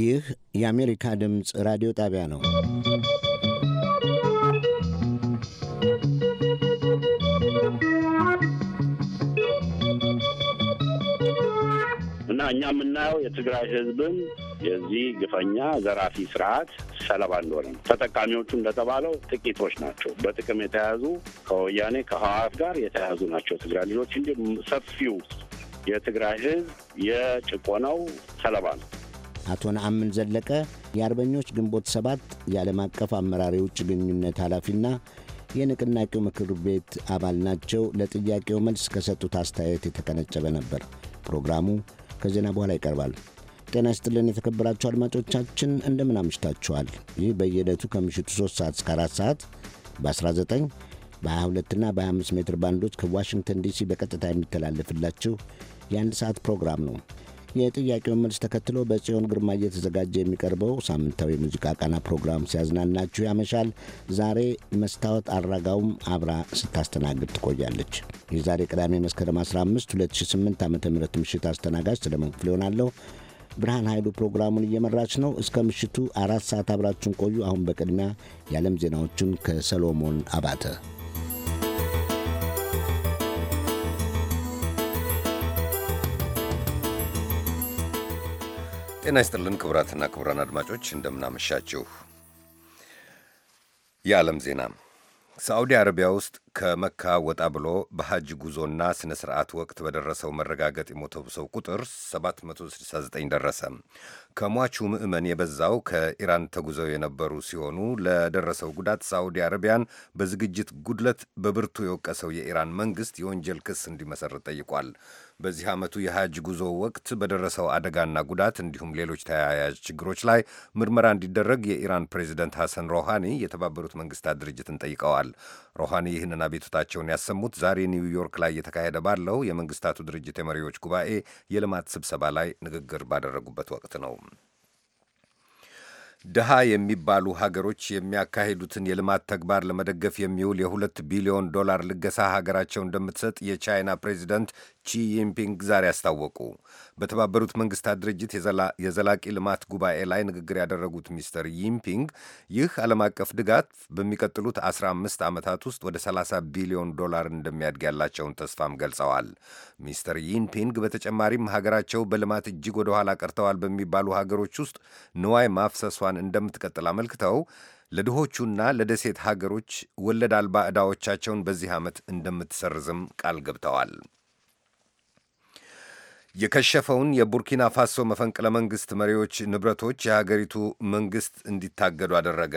ይህ የአሜሪካ ድምፅ ራዲዮ ጣቢያ ነው። እና እኛ የምናየው የትግራይ ህዝብን የዚህ ግፈኛ ዘራፊ ስርዓት ሰለባ እንደሆነ ነው። ተጠቃሚዎቹ እንደተባለው ጥቂቶች ናቸው። በጥቅም የተያዙ ከወያኔ ከህወሓት ጋር የተያዙ ናቸው። ትግራይ ልጆች እንጂ ሰፊው የትግራይ ህዝብ የጭቆናው ሰለባ ነው። አቶ ነአምን ዘለቀ የአርበኞች ግንቦት ሰባት የዓለም አቀፍ አመራር የውጭ ግንኙነት ኃላፊና የንቅናቄው ምክር ቤት አባል ናቸው። ለጥያቄው መልስ ከሰጡት አስተያየት የተቀነጨበ ነበር። ፕሮግራሙ ከዜና በኋላ ይቀርባል። ጤና ይስጥልን የተከበራችሁ አድማጮቻችን እንደምን አምሽታችኋል። ይህ በየዕለቱ ከምሽቱ 3 ሰዓት እስከ 4 ሰዓት በ19 በ22ና በ25 ሜትር ባንዶች ከዋሽንግተን ዲሲ በቀጥታ የሚተላለፍላችሁ የአንድ ሰዓት ፕሮግራም ነው። የጥያቄውን መልስ ተከትሎ በጽዮን ግርማ እየተዘጋጀ የሚቀርበው ሳምንታዊ የሙዚቃ ቃና ፕሮግራም ሲያዝናናችሁ ያመሻል። ዛሬ መስታወት አራጋውም አብራ ስታስተናግድ ትቆያለች። የዛሬ ቅዳሜ መስከረም 15 2008 ዓ ም ምሽት አስተናጋጅ ሰለሞን ክፍሌ ይሆናለሁ። ብርሃን ኃይሉ ፕሮግራሙን እየመራች ነው። እስከ ምሽቱ አራት ሰዓት አብራችሁን ቆዩ። አሁን በቅድሚያ የዓለም ዜናዎቹን ከሰሎሞን አባተ ጤና ይስጥልን ክቡራትና ክቡራን አድማጮች እንደምናመሻችሁ። የዓለም ዜና ሳዑዲ አረቢያ ውስጥ ከመካ ወጣ ብሎ በሐጅ ጉዞና ሥነ ሥርዓት ወቅት በደረሰው መረጋገጥ የሞተው ሰው ቁጥር 769 ደረሰ። ከሟቹ ምዕመን የበዛው ከኢራን ተጉዘው የነበሩ ሲሆኑ ለደረሰው ጉዳት ሳዑዲ አረቢያን በዝግጅት ጉድለት በብርቱ የወቀሰው የኢራን መንግስት የወንጀል ክስ እንዲመሰርት ጠይቋል። በዚህ ዓመቱ የሐጅ ጉዞ ወቅት በደረሰው አደጋና ጉዳት እንዲሁም ሌሎች ተያያዥ ችግሮች ላይ ምርመራ እንዲደረግ የኢራን ፕሬዚደንት ሐሰን ሮሃኒ የተባበሩት መንግስታት ድርጅትን ጠይቀዋል። ሮሃኒ ይህንን አቤቱታቸውን ያሰሙት ዛሬ ኒውዮርክ ላይ የተካሄደ ባለው የመንግስታቱ ድርጅት የመሪዎች ጉባኤ የልማት ስብሰባ ላይ ንግግር ባደረጉበት ወቅት ነው። ድሃ የሚባሉ ሀገሮች የሚያካሂዱትን የልማት ተግባር ለመደገፍ የሚውል የሁለት ቢሊዮን ዶላር ልገሳ ሀገራቸው እንደምትሰጥ የቻይና ፕሬዚደንት ቺይምፒንግ ዛሬ አስታወቁ። በተባበሩት መንግስታት ድርጅት የዘላቂ ልማት ጉባኤ ላይ ንግግር ያደረጉት ሚስተር ይምፒንግ ይህ ዓለም አቀፍ ድጋፍ በሚቀጥሉት 15 ዓመታት ውስጥ ወደ 30 ቢሊዮን ዶላር እንደሚያድግ ያላቸውን ተስፋም ገልጸዋል። ሚስተር ይምፒንግ በተጨማሪም ሀገራቸው በልማት እጅግ ወደ ኋላ ቀርተዋል በሚባሉ ሀገሮች ውስጥ ንዋይ ማፍሰሷን እንደምትቀጥል አመልክተው ለድሆቹና ለደሴት ሀገሮች ወለድ አልባ ዕዳዎቻቸውን በዚህ ዓመት እንደምትሰርዝም ቃል ገብተዋል። የከሸፈውን የቡርኪና ፋሶ መፈንቅለ መንግሥት መሪዎች ንብረቶች የሀገሪቱ መንግሥት እንዲታገዱ አደረገ።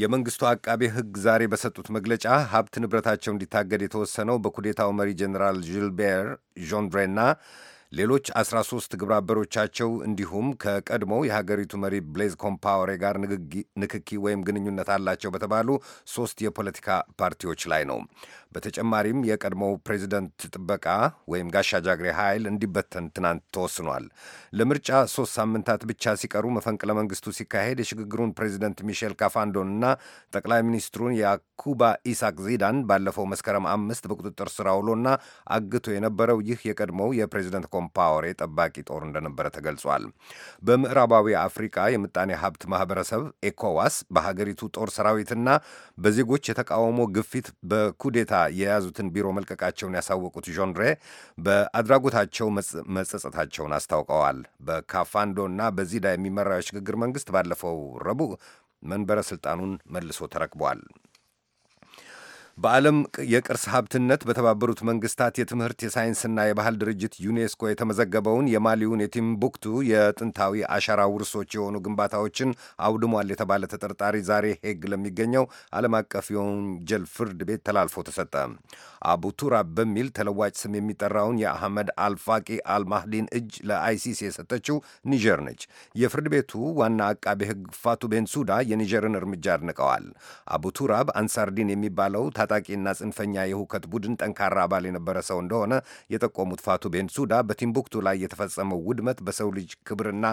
የመንግስቱ አቃቤ ሕግ ዛሬ በሰጡት መግለጫ ሀብት ንብረታቸው እንዲታገድ የተወሰነው በኩዴታው መሪ ጀኔራል ዥልቤር ዦንድሬና ሌሎች 13 ግብረ አበሮቻቸው እንዲሁም ከቀድሞው የሀገሪቱ መሪ ብሌዝ ኮምፓወሬ ጋር ንክኪ ወይም ግንኙነት አላቸው በተባሉ ሶስት የፖለቲካ ፓርቲዎች ላይ ነው። በተጨማሪም የቀድሞው ፕሬዚደንት ጥበቃ ወይም ጋሻ ጃግሬ ኃይል እንዲበተን ትናንት ተወስኗል። ለምርጫ ሶስት ሳምንታት ብቻ ሲቀሩ መፈንቅለ መንግስቱ ሲካሄድ የሽግግሩን ፕሬዚደንት ሚሼል ካፋንዶንና ጠቅላይ ሚኒስትሩን ያኩባ ኢሳቅ ዚዳን ባለፈው መስከረም አምስት በቁጥጥር ስር አውሎና አግቶ የነበረው ይህ የቀድሞው የፕሬዚደንት ኮምፓወሬ ጠባቂ ጦር እንደነበረ ተገልጿል። በምዕራባዊ አፍሪካ የምጣኔ ሀብት ማህበረሰብ ኤኮዋስ በሀገሪቱ ጦር ሰራዊትና በዜጎች የተቃውሞ ግፊት በኩዴታ የያዙትን ቢሮ መልቀቃቸውን ያሳወቁት ዦንድሬ በአድራጎታቸው መጸጸታቸውን አስታውቀዋል። በካፋንዶና በዚዳ የሚመራው የሽግግር መንግስት ባለፈው ረቡዕ መንበረ ሥልጣኑን መልሶ ተረክቧል። በዓለም የቅርስ ሀብትነት በተባበሩት መንግስታት የትምህርት የሳይንስና የባህል ድርጅት ዩኔስኮ የተመዘገበውን የማሊውን የቲምቡክቱ የጥንታዊ አሻራ ውርሶች የሆኑ ግንባታዎችን አውድሟል የተባለ ተጠርጣሪ ዛሬ ሄግ ለሚገኘው ዓለም አቀፍ የወንጀል ፍርድ ቤት ተላልፎ ተሰጠ። አቡቱራ በሚል ተለዋጭ ስም የሚጠራውን የአህመድ አልፋቂ አልማህዲን እጅ ለአይሲሲ የሰጠችው ኒጀር ነች። የፍርድ ቤቱ ዋና አቃቤ ሕግ ፋቱ ቤንሱዳ የኒጀርን እርምጃ አድንቀዋል። አቡቱራብ አንሳርዲን የሚባለው ታጣቂና ጽንፈኛ የሁከት ቡድን ጠንካራ አባል የነበረ ሰው እንደሆነ የጠቆሙት ፋቱ ቤንሱዳ በቲምቡክቱ ላይ የተፈጸመው ውድመት በሰው ልጅ ክብርና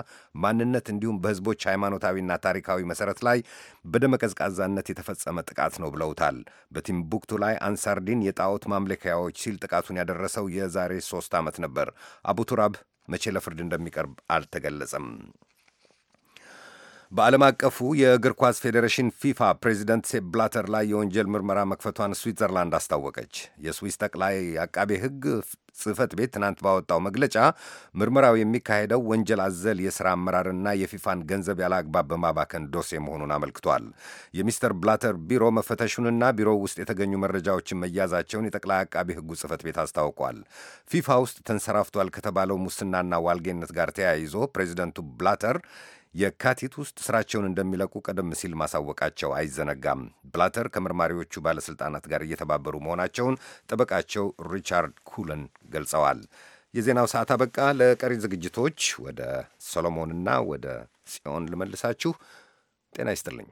ማንነት እንዲሁም በህዝቦች ሃይማኖታዊና ታሪካዊ መሰረት ላይ በደመቀዝቃዛነት የተፈጸመ ጥቃት ነው ብለውታል። በቲምቡክቱ ላይ አንሳርዲን የጣዖት ማምለኪያዎች ሲል ጥቃቱን ያደረሰው የዛሬ ሶስት ዓመት ነበር። አቡ ቱራብ መቼ ለፍርድ እንደሚቀርብ አልተገለጸም። በዓለም አቀፉ የእግር ኳስ ፌዴሬሽን ፊፋ ፕሬዚደንት ሴፕ ብላተር ላይ የወንጀል ምርመራ መክፈቷን ስዊትዘርላንድ አስታወቀች። የስዊስ ጠቅላይ አቃቤ ሕግ ጽህፈት ቤት ትናንት ባወጣው መግለጫ ምርመራው የሚካሄደው ወንጀል አዘል የሥራ አመራርና የፊፋን ገንዘብ ያለ አግባብ በማባከን ዶሴ መሆኑን አመልክቷል። የሚስተር ብላተር ቢሮ መፈተሹንና ቢሮው ውስጥ የተገኙ መረጃዎችን መያዛቸውን የጠቅላይ አቃቢ ሕጉ ጽህፈት ቤት አስታውቋል። ፊፋ ውስጥ ተንሰራፍቷል ከተባለው ሙስናና ዋልጌነት ጋር ተያይዞ ፕሬዚደንቱ ብላተር የካቲት ውስጥ ስራቸውን እንደሚለቁ ቀደም ሲል ማሳወቃቸው አይዘነጋም። ብላተር ከመርማሪዎቹ ባለሥልጣናት ጋር እየተባበሩ መሆናቸውን ጠበቃቸው ሪቻርድ ኩለን ገልጸዋል። የዜናው ሰዓት አበቃ። ለቀሪ ዝግጅቶች ወደ ሰሎሞንና ወደ ጽዮን ልመልሳችሁ። ጤና ይስጥልኝ።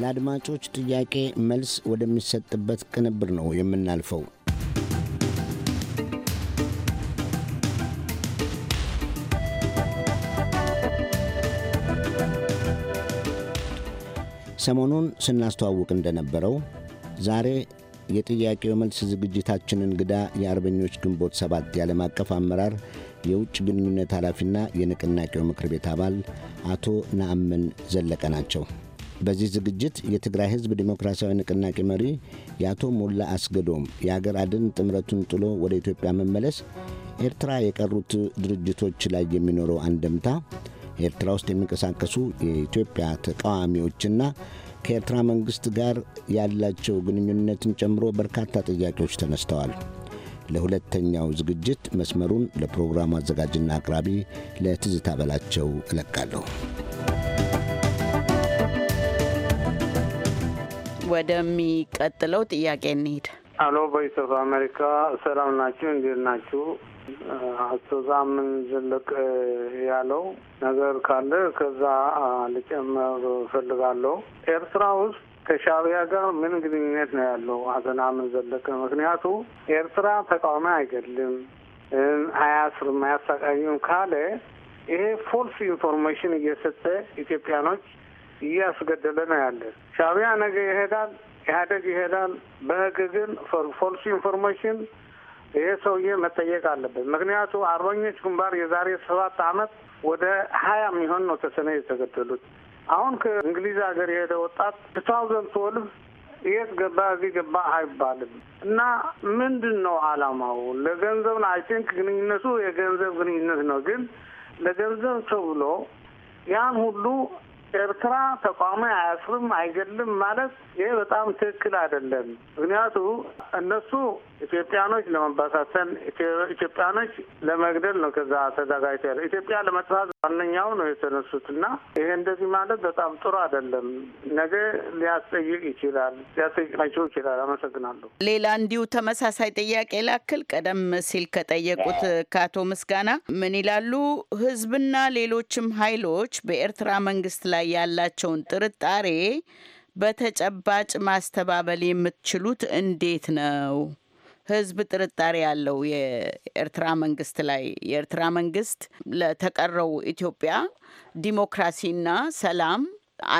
ለአድማጮች ጥያቄ መልስ ወደሚሰጥበት ቅንብር ነው የምናልፈው። ሰሞኑን ስናስተዋውቅ እንደነበረው ዛሬ የጥያቄው መልስ ዝግጅታችን እንግዳ የአርበኞች ግንቦት ሰባት የዓለም አቀፍ አመራር የውጭ ግንኙነት ኃላፊና የንቅናቄው ምክር ቤት አባል አቶ ነአምን ዘለቀ ናቸው። በዚህ ዝግጅት የትግራይ ህዝብ ዲሞክራሲያዊ ንቅናቄ መሪ የአቶ ሞላ አስገዶም የአገር አድን ጥምረቱን ጥሎ ወደ ኢትዮጵያ መመለስ፣ ኤርትራ የቀሩት ድርጅቶች ላይ የሚኖረው አንደምታ፣ ኤርትራ ውስጥ የሚንቀሳቀሱ የኢትዮጵያ ተቃዋሚዎችና ከኤርትራ መንግሥት ጋር ያላቸው ግንኙነትን ጨምሮ በርካታ ጥያቄዎች ተነስተዋል። ለሁለተኛው ዝግጅት መስመሩን ለፕሮግራሙ አዘጋጅና አቅራቢ ለትዝታ በላቸው እለቃለሁ። ወደሚቀጥለው ጥያቄ እንሄድ። አሎ ቮይስ ኦፍ አሜሪካ ሰላም ናችሁ? እንዴት ናችሁ? አቶ ዛምን ዝልቅ ያለው ነገር ካለ ከዛ ልጨምር ፈልጋለሁ። ኤርትራ ውስጥ ከሻቢያ ጋር ምን ግንኙነት ነው ያለው አቶናምን ዘለቀ? ምክንያቱ ኤርትራ ተቃዋሚ አይገድልም፣ አያስርም፣ አያሳቃዩም ካለ ይሄ ፎልስ ኢንፎርሜሽን እየሰጠ ኢትዮጵያኖች እያስገደለ ነው ያለ። ሻቢያ ነገ ይሄዳል፣ ኢህአዴግ ይሄዳል። በህግ ግን ፎልስ ኢንፎርሜሽን ይሄ ሰውዬ መጠየቅ አለበት። ምክንያቱ አርበኞች ግንባር የዛሬ ሰባት አመት ወደ ሀያ የሚሆን ነው ተሰነ የተገደሉት። አሁን ከእንግሊዝ ሀገር የሄደ ወጣት ቱ ታውዘንድ ትወልቭ የት ገባ እዚህ ገባ አይባልም። እና ምንድን ነው አላማው? ለገንዘብ ነው። አይ ቲንክ ግንኙነቱ የገንዘብ ግንኙነት ነው። ግን ለገንዘብ ተብሎ ያን ሁሉ ኤርትራ ተቋም አያስርም አይገልም ማለት ይሄ በጣም ትክክል አይደለም። ምክንያቱ እነሱ ኢትዮጵያኖች ለመባሳሰን፣ ኢትዮጵያኖች ለመግደል ነው። ከዛ ተዘጋጅቶ ያለ ኢትዮጵያ ለመጥፋት ዋነኛው ነው የተነሱት እና ይሄ እንደዚህ ማለት በጣም ጥሩ አይደለም። ነገ ሊያስጠይቅ ይችላል፣ ሊያስጠይቃቸው ይችላል። አመሰግናለሁ። ሌላ እንዲሁ ተመሳሳይ ጥያቄ ላክል። ቀደም ሲል ከጠየቁት ከአቶ ምስጋና ምን ይላሉ? ህዝብና ሌሎችም ሀይሎች በኤርትራ መንግስት ላይ ያላቸውን ጥርጣሬ በተጨባጭ ማስተባበል የምትችሉት እንዴት ነው? ህዝብ ጥርጣሬ ያለው የኤርትራ መንግስት ላይ የኤርትራ መንግስት ለተቀረው ኢትዮጵያ ዲሞክራሲና ሰላም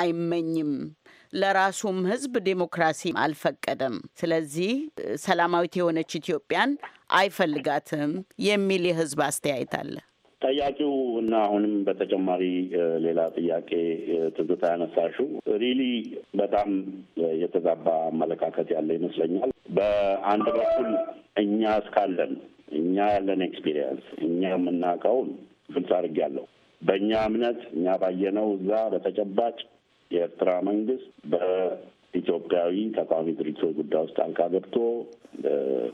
አይመኝም። ለራሱም ህዝብ ዲሞክራሲ አልፈቀደም። ስለዚህ ሰላማዊት የሆነች ኢትዮጵያን አይፈልጋትም የሚል የህዝብ አስተያየት አለ። ጠያቂው እና አሁንም በተጨማሪ ሌላ ጥያቄ ትዝታ ያነሳሽው ሪሊ በጣም የተዛባ አመለካከት ያለ ይመስለኛል። በአንድ በኩል እኛ እስካለን እኛ ያለን ኤክስፒሪየንስ እኛ የምናውቀውን ግልጽ አድርጌያለሁ። በእኛ እምነት እኛ ባየነው እዛ በተጨባጭ የኤርትራ መንግስት ኢትዮጵያዊ ተቃዋሚ ድርጅቶች ጉዳይ ውስጥ ጣልቃ ገብቶ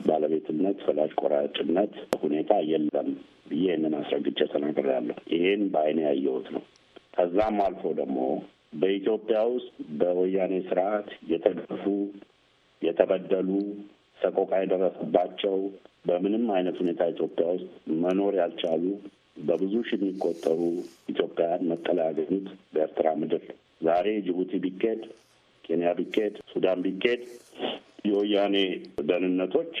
ባለቤትነት፣ ፈላጭ ቆራጭነት ሁኔታ የለም ብዬ ይህንን አስረግጬ ተናግሬያለሁ። ይሄን በአይኔ ያየሁት ነው። ከዛም አልፎ ደግሞ በኢትዮጵያ ውስጥ በወያኔ ስርዓት የተገፉ የተበደሉ ሰቆቃ የደረሰባቸው በምንም አይነት ሁኔታ ኢትዮጵያ ውስጥ መኖር ያልቻሉ በብዙ ሺህ የሚቆጠሩ ኢትዮጵያውያን መጠለያ ያገኙት በኤርትራ ምድር ዛሬ ጅቡቲ ቢኬድ ኬንያ ቢካሄድ፣ ሱዳን ቢካሄድ የወያኔ ደህንነቶች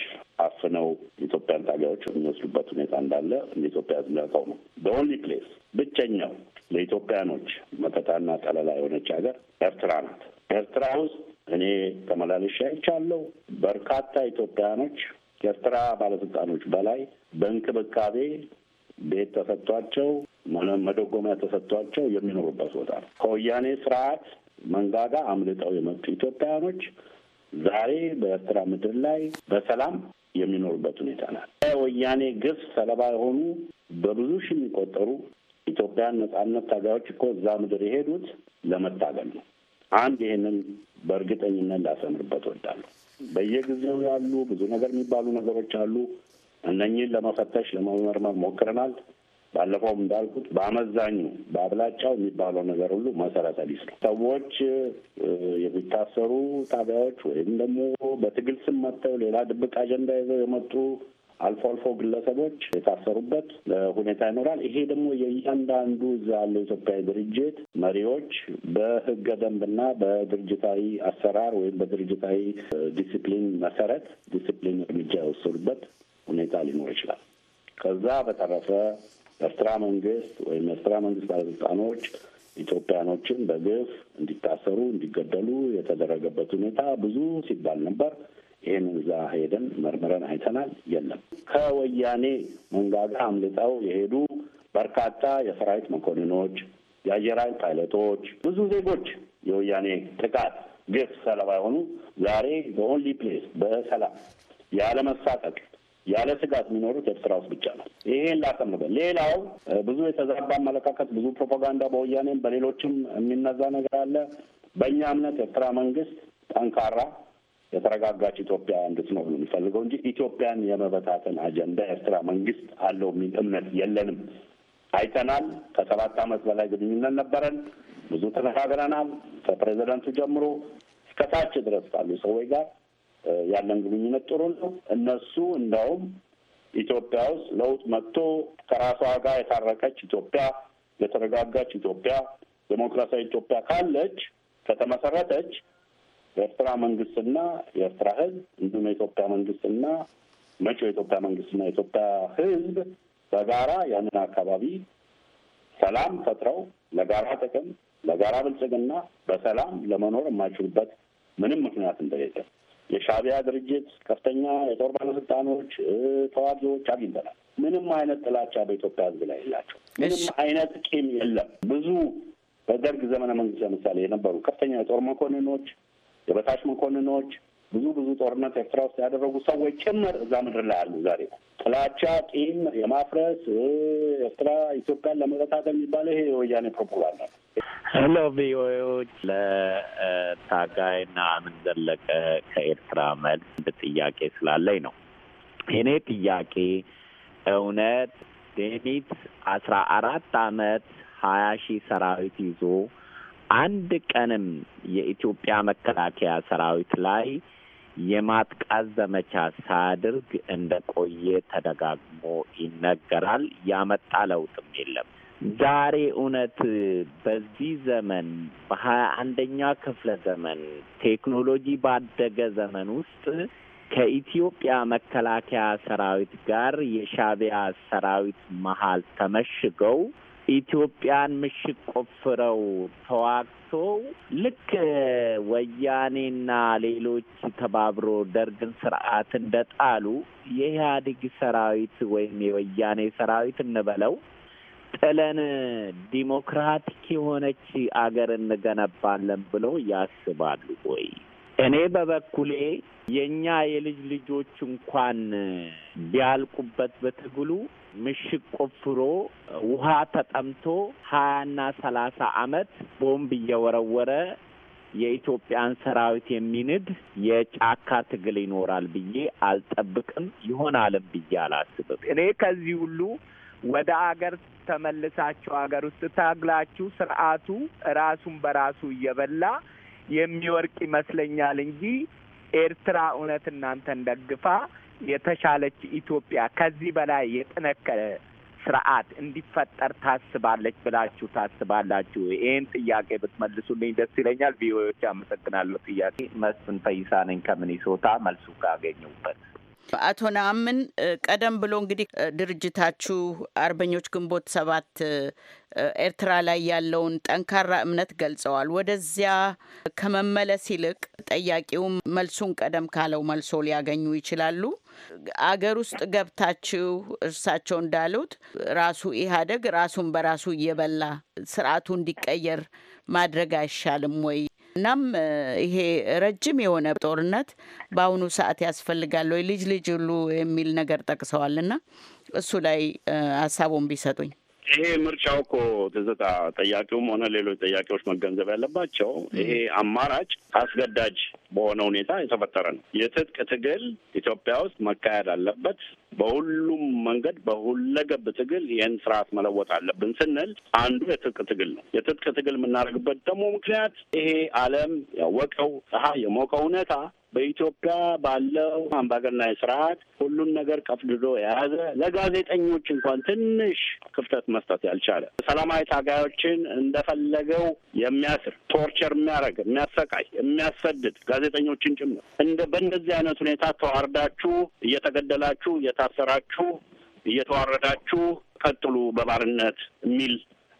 አፍነው የኢትዮጵያን ታጋዮች የሚወስዱበት ሁኔታ እንዳለ ኢትዮጵያ ሕዝብ ነው። በኦንሊ ፕሌስ ብቸኛው ለኢትዮጵያኖች መከታና ጠለላ የሆነች ሀገር ኤርትራ ናት። ኤርትራ ውስጥ እኔ ተመላለሻ አይቻለሁ። በርካታ ኢትዮጵያኖች ከኤርትራ ባለስልጣኖች በላይ በእንክብካቤ ቤት ተሰጥቷቸው መደጎሚያ ተሰጥቷቸው የሚኖሩበት ቦታ ነው። ከወያኔ ስርዓት መንጋጋ አምልጠው የመጡ ኢትዮጵያውያኖች ዛሬ በኤርትራ ምድር ላይ በሰላም የሚኖሩበት ሁኔታ ናት። ወያኔ ግፍ ሰለባ የሆኑ በብዙ ሺህ የሚቆጠሩ ኢትዮጵያን ነጻነት ታጋዮች እኮ እዛ ምድር የሄዱት ለመታገል ነው። አንድ ይህንን በእርግጠኝነት ላሰምርበት እወዳለሁ። በየጊዜው ያሉ ብዙ ነገር የሚባሉ ነገሮች አሉ። እነኚህን ለመፈተሽ ለመመርመር ሞክረናል። ባለፈውም እንዳልኩት በአመዛኙ በአብላጫው የሚባለው ነገር ሁሉ መሰረተ ቢስ ነው። ሰዎች የሚታሰሩ ጣቢያዎች ወይም ደግሞ በትግል ስም መጥተው ሌላ ድብቅ አጀንዳ ይዘው የመጡ አልፎ አልፎ ግለሰቦች የታሰሩበት ሁኔታ ይኖራል። ይሄ ደግሞ የእያንዳንዱ እዛ ያለው ኢትዮጵያዊ ድርጅት መሪዎች ደንብ ደንብና በድርጅታዊ አሰራር ወይም በድርጅታዊ ዲሲፕሊን መሰረት ዲሲፕሊን እርምጃ የወሰዱበት ሁኔታ ሊኖር ይችላል። ከዛ በተረፈ ኤርትራ መንግስት ወይም ኤርትራ መንግስት ባለስልጣኖች ኢትዮጵያኖችን በግፍ እንዲታሰሩ እንዲገደሉ የተደረገበት ሁኔታ ብዙ ሲባል ነበር። ይህን እዛ ሄደን መርምረን አይተናል። የለም ከወያኔ መንጋጋ አምልጠው የሄዱ በርካታ የሰራዊት መኮንኖች፣ የአየር ኃይል ፓይለቶች፣ ብዙ ዜጎች የወያኔ ጥቃት ግፍ ሰለባ የሆኑ ዛሬ በኦንሊ ፕሌስ በሰላም ያለመሳቀቅ ያለ ስጋት የሚኖሩት ኤርትራ ውስጥ ብቻ ነው። ይሄን ላቀምበል። ሌላው ብዙ የተዛባ አመለካከት፣ ብዙ ፕሮፓጋንዳ በወያኔም በሌሎችም የሚነዛ ነገር አለ። በእኛ እምነት ኤርትራ መንግስት ጠንካራ የተረጋጋች ኢትዮጵያ እንድትኖር ነው የሚፈልገው እንጂ ኢትዮጵያን የመበታተን አጀንዳ ኤርትራ መንግስት አለው የሚል እምነት የለንም። አይተናል። ከሰባት ዓመት በላይ ግንኙነት ነበረን። ብዙ ተነጋግረናል። ከፕሬዚደንቱ ጀምሮ እስከታች ድረስ ካሉ ሰዎች ጋር ያለን ግንኙነት ጥሩ ነው። እነሱ እንዳውም ኢትዮጵያ ውስጥ ለውጥ መጥቶ ከራሷ ጋር የታረቀች ኢትዮጵያ፣ የተረጋጋች ኢትዮጵያ፣ ዴሞክራሲያዊ ኢትዮጵያ ካለች ከተመሰረተች የኤርትራ መንግስትና የኤርትራ ህዝብ እንዲሁም የኢትዮጵያ መንግስትና መጪው የኢትዮጵያ መንግስትና የኢትዮጵያ ህዝብ በጋራ ያንን አካባቢ ሰላም ፈጥረው ለጋራ ጥቅም ለጋራ ብልጽግና በሰላም ለመኖር የማይችሉበት ምንም ምክንያት እንደሌለ የሻቢያ ድርጅት ከፍተኛ የጦር ባለስልጣኖች፣ ተዋጊዎች አግኝተናል። ምንም አይነት ጥላቻ በኢትዮጵያ ሕዝብ ላይ የላቸው። ምንም አይነት ቂም የለም። ብዙ በደርግ ዘመነ መንግስት ለምሳሌ የነበሩ ከፍተኛ የጦር መኮንኖች፣ የበታች መኮንኖች ብዙ ብዙ ጦርነት ኤርትራ ውስጥ ያደረጉ ሰዎች ጭምር እዛ ምድር ላይ አሉ። ዛሬ ጥላቻ፣ ቂም የማፍረስ ኤርትራ ኢትዮጵያን ለመበታተን የሚባለው ይሄ የወያኔ ፕሮፓጋንዳ ነው። ሄሎ ቪኦኤዎች፣ ለታጋይ ነአምን ዘለቀ ከኤርትራ መልስ ጥያቄ ስላለኝ ነው። የኔ ጥያቄ እውነት ዴኒት አስራ አራት አመት ሀያ ሺህ ሰራዊት ይዞ አንድ ቀንም የኢትዮጵያ መከላከያ ሰራዊት ላይ የማጥቃት ዘመቻ ሳያድርግ እንደ ቆየ ተደጋግሞ ይነገራል። ያመጣ ለውጥም የለም። ዛሬ እውነት በዚህ ዘመን በሀያ አንደኛ ክፍለ ዘመን ቴክኖሎጂ ባደገ ዘመን ውስጥ ከኢትዮጵያ መከላከያ ሰራዊት ጋር የሻቢያ ሰራዊት መሀል ተመሽገው ኢትዮጵያን ምሽግ ቆፍረው ተዋግቶ ልክ ወያኔና ሌሎች ተባብሮ ደርግን ስርዓት እንደጣሉ የኢህአዴግ ሰራዊት ወይም የወያኔ ሰራዊት እንበለው ጥለን ዲሞክራቲክ የሆነች አገር እንገነባለን ብለው ያስባሉ ወይ? እኔ በበኩሌ የእኛ የልጅ ልጆች እንኳን ቢያልቁበት በትግሉ ምሽግ ቆፍሮ ውሃ ተጠምቶ ሀያና ሰላሳ አመት ቦምብ እየወረወረ የኢትዮጵያን ሰራዊት የሚንድ የጫካ ትግል ይኖራል ብዬ አልጠብቅም፣ ይሆናልም ብዬ አላስብም። እኔ ከዚህ ሁሉ ወደ አገር ተመልሳችሁ አገር ውስጥ ታግላችሁ ስርዓቱ ራሱን በራሱ እየበላ የሚወርቅ ይመስለኛል እንጂ ኤርትራ እውነት እናንተን ደግፋ የተሻለች ኢትዮጵያ ከዚህ በላይ የጠነከረ ስርዓት እንዲፈጠር ታስባለች ብላችሁ ታስባላችሁ? ይህን ጥያቄ ብትመልሱልኝ ደስ ይለኛል። ቪኦኤዎች አመሰግናለሁ። ጥያቄ መስፍን ፈይሳ ነኝ ከሚኒሶታ መልሱ ካገኘሁበት አቶ ነአምን ቀደም ብሎ እንግዲህ ድርጅታችሁ አርበኞች ግንቦት ሰባት ኤርትራ ላይ ያለውን ጠንካራ እምነት ገልጸዋል። ወደዚያ ከመመለስ ይልቅ ጠያቂውም መልሱን ቀደም ካለው መልሶ ሊያገኙ ይችላሉ። አገር ውስጥ ገብታችሁ እርሳቸው እንዳሉት ራሱ ኢህአዴግ ራሱን በራሱ እየበላ ስርዓቱ እንዲቀየር ማድረግ አይሻልም ወይ? እናም ይሄ ረጅም የሆነ ጦርነት በአሁኑ ሰዓት ያስፈልጋል ወይ ልጅ ልጅ ሁሉ የሚል ነገር ጠቅሰዋል እና እሱ ላይ ሀሳቡን ቢሰጡኝ። ይሄ ምርጫው እኮ ትዝታ ጠያቂውም ሆነ ሌሎች ጠያቂዎች መገንዘብ ያለባቸው ይሄ አማራጭ አስገዳጅ በሆነ ሁኔታ የተፈጠረ ነው። የትጥቅ ትግል ኢትዮጵያ ውስጥ መካሄድ አለበት። በሁሉም መንገድ በሁለገብ ትግል ይህን ስርዓት መለወጥ አለብን ስንል አንዱ የትጥቅ ትግል ነው። የትጥቅ ትግል የምናደርግበት ደግሞ ምክንያት ይሄ ዓለም ያወቀው ፀሐይ የሞቀው ሁኔታ በኢትዮጵያ ባለው አምባገነናዊ ስርዓት ሁሉን ነገር ቀፍድዶ የያዘ ለጋዜጠኞች እንኳን ትንሽ ክፍተት መስጠት ያልቻለ ሰላማዊ ታጋዮችን እንደፈለገው የሚያስር ቶርቸር የሚያደርግ የሚያሰቃይ፣ የሚያሰድድ ጋዜጠኞችን ጭምር እንደ በእንደዚህ አይነት ሁኔታ ተዋርዳችሁ እየተገደላችሁ እየታሰራችሁ እየተዋረዳችሁ ቀጥሉ በባርነት የሚል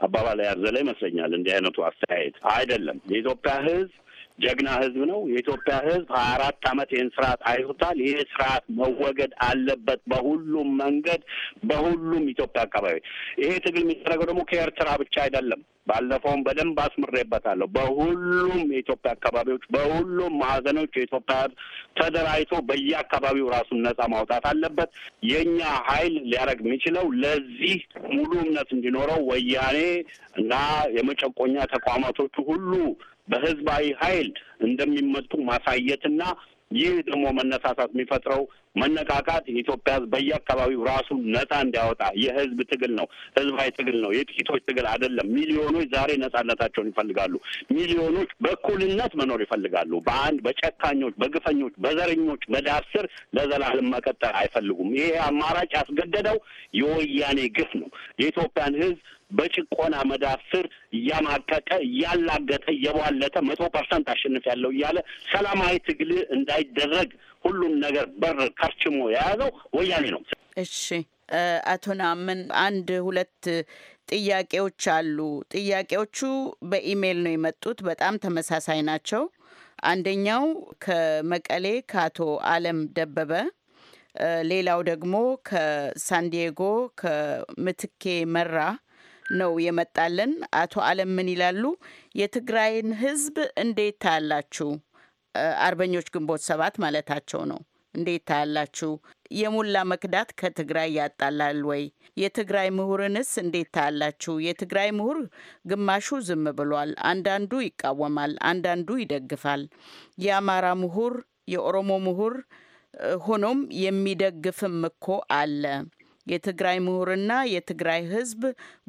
አባባል ያዘለ ይመስለኛል። እንዲህ አይነቱ አስተያየት አይደለም የኢትዮጵያ ሕዝብ ጀግና ህዝብ ነው። የኢትዮጵያ ህዝብ ሀያ አራት አመት ይህን ስርዓት አይቶታል። ይህ ስርዓት መወገድ አለበት በሁሉም መንገድ፣ በሁሉም ኢትዮጵያ አካባቢ። ይሄ ትግል የሚደረገው ደግሞ ከኤርትራ ብቻ አይደለም። ባለፈውም በደንብ አስምሬበታለሁ። በሁሉም የኢትዮጵያ አካባቢዎች፣ በሁሉም ማዕዘኖች የኢትዮጵያ ህዝብ ተደራጅቶ በየአካባቢው ራሱን ነጻ ማውጣት አለበት። የእኛ ሀይል ሊያደርግ የሚችለው ለዚህ ሙሉ እምነት እንዲኖረው ወያኔ እና የመጨቆኛ ተቋማቶቹ ሁሉ በህዝባዊ ኃይል እንደሚመቱ ማሳየትና ይህ ደግሞ መነሳሳት የሚፈጥረው መነቃቃት የኢትዮጵያ ህዝብ በየአካባቢው ራሱን ነጻ እንዲያወጣ የህዝብ ትግል ነው። ህዝባዊ ትግል ነው። የጥቂቶች ትግል አይደለም። ሚሊዮኖች ዛሬ ነጻነታቸውን ይፈልጋሉ። ሚሊዮኖች በእኩልነት መኖር ይፈልጋሉ። በአንድ በጨካኞች፣ በግፈኞች፣ በዘረኞች መዳፍ ስር ለዘላለም መቀጠል አይፈልጉም። ይሄ አማራጭ ያስገደደው የወያኔ ግፍ ነው። የኢትዮጵያን ህዝብ በጭቆና መዳፍ ስር እያማቀቀ እያላገጠ እየቧለተ መቶ ፐርሰንት አሸንፍ ያለው እያለ ሰላማዊ ትግል እንዳይደረግ ሁሉን ነገር በር ከርችሞ የያዘው ወያኔ ነው። እሺ አቶ ናምን አንድ ሁለት ጥያቄዎች አሉ። ጥያቄዎቹ በኢሜይል ነው የመጡት። በጣም ተመሳሳይ ናቸው። አንደኛው ከመቀሌ ከአቶ አለም ደበበ፣ ሌላው ደግሞ ከሳንዲዬጎ ከምትኬ መራ ነው የመጣልን። አቶ አለም ምን ይላሉ? የትግራይን ህዝብ እንዴት ታያላችሁ? አርበኞች ግንቦት ሰባት ማለታቸው ነው። እንዴት ታያላችሁ? የሙላ መክዳት ከትግራይ ያጣላል ወይ? የትግራይ ምሁርንስ እንዴት ታያላችሁ? የትግራይ ምሁር ግማሹ ዝም ብሏል፣ አንዳንዱ ይቃወማል፣ አንዳንዱ ይደግፋል። የአማራ ምሁር፣ የኦሮሞ ምሁር ሆኖም የሚደግፍም እኮ አለ። የትግራይ ምሁርና የትግራይ ሕዝብ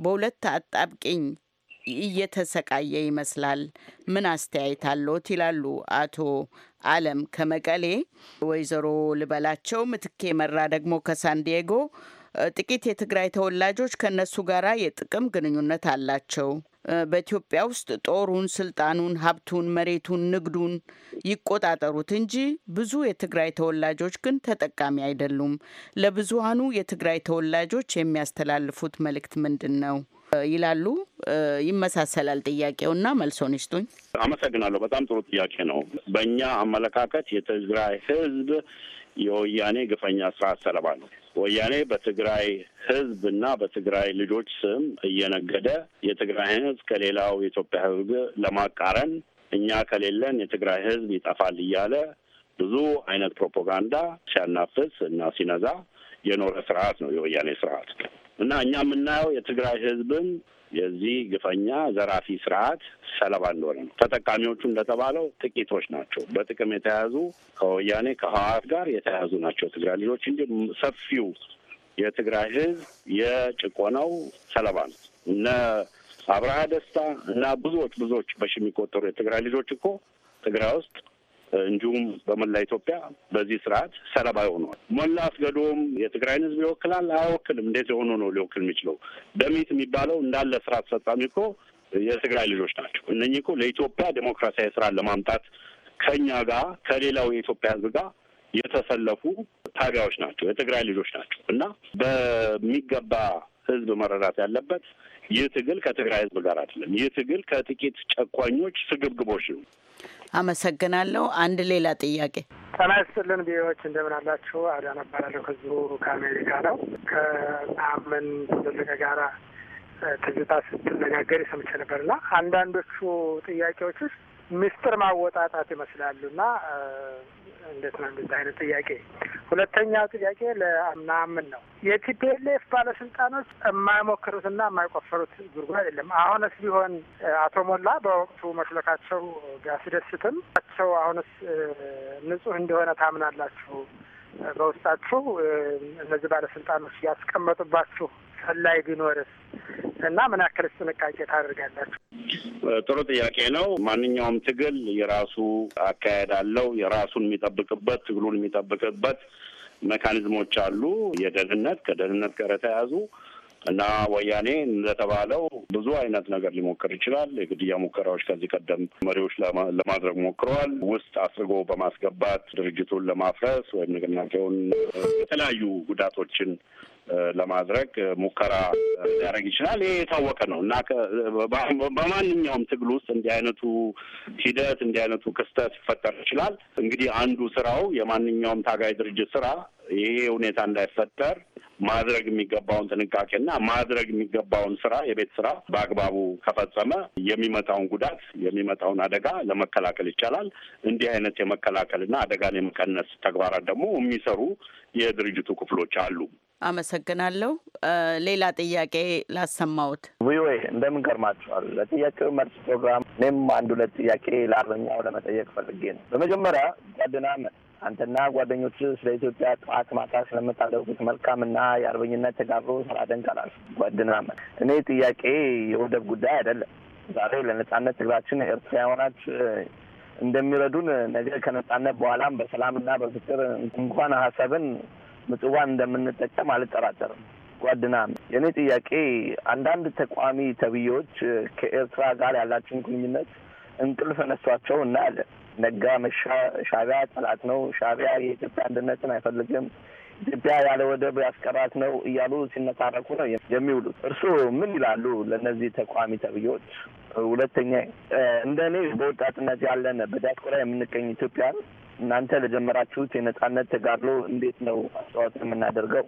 በሁለት አጣብቂኝ እየተሰቃየ ይመስላል። ምን አስተያየት አለዎት? ይላሉ አቶ አለም ከመቀሌ። ወይዘሮ ልበላቸው ምትኬ መራ ደግሞ ከሳንዲየጎ ጥቂት የትግራይ ተወላጆች ከእነሱ ጋራ የጥቅም ግንኙነት አላቸው። በኢትዮጵያ ውስጥ ጦሩን፣ ስልጣኑን፣ ሀብቱን፣ መሬቱን፣ ንግዱን ይቆጣጠሩት እንጂ ብዙ የትግራይ ተወላጆች ግን ተጠቃሚ አይደሉም። ለብዙሀኑ የትግራይ ተወላጆች የሚያስተላልፉት መልእክት ምንድን ነው? ይላሉ ይመሳሰላል ጥያቄውና መልሶን ይስጡኝ። አመሰግናለሁ። በጣም ጥሩ ጥያቄ ነው። በእኛ አመለካከት የትግራይ ህዝብ የወያኔ ግፈኛ ስርዓት ሰለባ ነው። ወያኔ በትግራይ ህዝብ እና በትግራይ ልጆች ስም እየነገደ የትግራይን ህዝብ ከሌላው የኢትዮጵያ ህዝብ ለማቃረን እኛ ከሌለን የትግራይ ህዝብ ይጠፋል እያለ ብዙ አይነት ፕሮፓጋንዳ ሲያናፍስ እና ሲነዛ የኖረ ስርዓት ነው የወያኔ ስርዓት እና እኛ የምናየው የትግራይ ህዝብን የዚህ ግፈኛ ዘራፊ ስርዓት ሰለባ እንደሆነ ነው። ተጠቃሚዎቹ እንደተባለው ጥቂቶች ናቸው። በጥቅም የተያዙ ከወያኔ ከህወሓት ጋር የተያዙ ናቸው ትግራይ ልጆች እንጂ ሰፊው የትግራይ ህዝብ የጭቆነው ሰለባ ነው። እነ አብርሃ ደስታ እና ብዙዎች ብዙዎች በሺ የሚቆጠሩ የትግራይ ልጆች እኮ ትግራይ ውስጥ እንዲሁም በመላ ኢትዮጵያ በዚህ ስርዓት ሰለባ ይሆነዋል። መላ አስገዶም የትግራይን ህዝብ ይወክላል? አይወክልም። እንዴት የሆኑ ነው ሊወክል የሚችለው? ደሚት የሚባለው እንዳለ ስራ አስፈጻሚ እኮ የትግራይ ልጆች ናቸው። እነኚህ እኮ ለኢትዮጵያ ዴሞክራሲያዊ ስራ ለማምጣት ከኛ ጋር ከሌላው የኢትዮጵያ ህዝብ ጋር የተሰለፉ ታቢያዎች ናቸው። የትግራይ ልጆች ናቸው እና በሚገባ ህዝብ መረዳት ያለበት ይህ ትግል ከትግራይ ህዝብ ጋር አይደለም። ይህ ትግል ከጥቂት ጨቋኞች ስግብግቦች ነው። አመሰግናለሁ። አንድ ሌላ ጥያቄ ጤና ይስጥልን ቢዎች እንደምን አላችሁ? አዳነ እባላለሁ ከዚሁ ከአሜሪካ ነው። ከአመን ተደለቀ ጋራ ትዝታ ስትነጋገር ሰምቼ ነበርና አንዳንዶቹ ጥያቄዎች ውስጥ ምስጢር ማወጣጣት ይመስላሉ እና እንዴት ነው እንደዚህ አይነት ጥያቄ? ሁለተኛው ጥያቄ ለምናምን ነው የቲፒኤልኤፍ ባለስልጣኖች የማይሞክሩትና የማይቆፈሩት ጉድጓድ የለም። አሁንስ ቢሆን አቶ ሞላ በወቅቱ መሽለካቸው ቢያስደስትም ቸው አሁንስ ንጹህ እንደሆነ ታምናላችሁ? በውስጣችሁ እነዚህ ባለስልጣኖች ያስቀመጡባችሁ ላይ ቢኖርስ እና ምን ያክል ጥንቃቄ ታደርጋላችሁ? ጥሩ ጥያቄ ነው። ማንኛውም ትግል የራሱ አካሄድ አለው። የራሱን የሚጠብቅበት ትግሉን የሚጠብቅበት ሜካኒዝሞች አሉ። የደህንነት ከደህንነት ጋር የተያያዙ እና ወያኔ እንደተባለው ብዙ አይነት ነገር ሊሞክር ይችላል። የግድያ ሙከራዎች ከዚህ ቀደም መሪዎች ለማድረግ ሞክረዋል። ውስጥ አስርጎ በማስገባት ድርጅቱን ለማፍረስ ወይም ንቅናቄውን የተለያዩ ጉዳቶችን ለማድረግ ሙከራ ሊያደረግ ይችላል። ይህ የታወቀ ነው እና በማንኛውም ትግል ውስጥ እንዲህ አይነቱ ሂደት እንዲህ አይነቱ ክስተት ሊፈጠር ይችላል። እንግዲህ አንዱ ስራው የማንኛውም ታጋይ ድርጅት ስራ ይሄ ሁኔታ እንዳይፈጠር ማድረግ የሚገባውን ጥንቃቄና ማድረግ የሚገባውን ስራ የቤት ስራ በአግባቡ ከፈጸመ የሚመጣውን ጉዳት የሚመጣውን አደጋ ለመከላከል ይቻላል። እንዲህ አይነት የመከላከልና አደጋን የመቀነስ ተግባራት ደግሞ የሚሰሩ የድርጅቱ ክፍሎች አሉ። አመሰግናለሁ። ሌላ ጥያቄ ላሰማሁት። ቪኦኤ እንደምን ከርማችኋል? ለጥያቄው መልስ ፕሮግራም እኔም አንድ ሁለት ጥያቄ ለአርበኛው ለመጠየቅ ፈልጌ ነው። በመጀመሪያ ጓድና አንተና ጓደኞች ስለ ኢትዮጵያ ጠዋት ማታ ስለምታደርጉት መልካምና የአርበኝነት ስራ ደንቀላል። ጓድና እኔ ጥያቄ የወደብ ጉዳይ አይደለም። ዛሬ ለነጻነት ትግራችን ኤርትራውያኖች እንደሚረዱን ነገ ከነጻነት በኋላም በሰላምና በፍቅር እንኳን ሀሳብን ምጽዋን እንደምንጠቀም አልጠራጠርም። ጓድና የእኔ ጥያቄ አንዳንድ ተቋሚ ተብዬዎች ከኤርትራ ጋር ያላቸውን ግንኙነት እንቅልፍ ነሷቸው እናያለን። ነጋ መሻ ሻቢያ ጠላት ነው፣ ሻቢያ የኢትዮጵያ አንድነትን አይፈልግም፣ ኢትዮጵያ ያለ ወደብ ያስቀራት ነው እያሉ ሲነታረኩ ነው የሚውሉት። እርስዎ ምን ይላሉ ለእነዚህ ተቋሚ ተብዬዎች? ሁለተኛ እንደ እኔ በወጣትነት ያለን በዲያስፖራ የምንገኝ ኢትዮጵያን እናንተ ለጀመራችሁት የነጻነት ተጋድሎ እንዴት ነው አስተዋጽኦ የምናደርገው?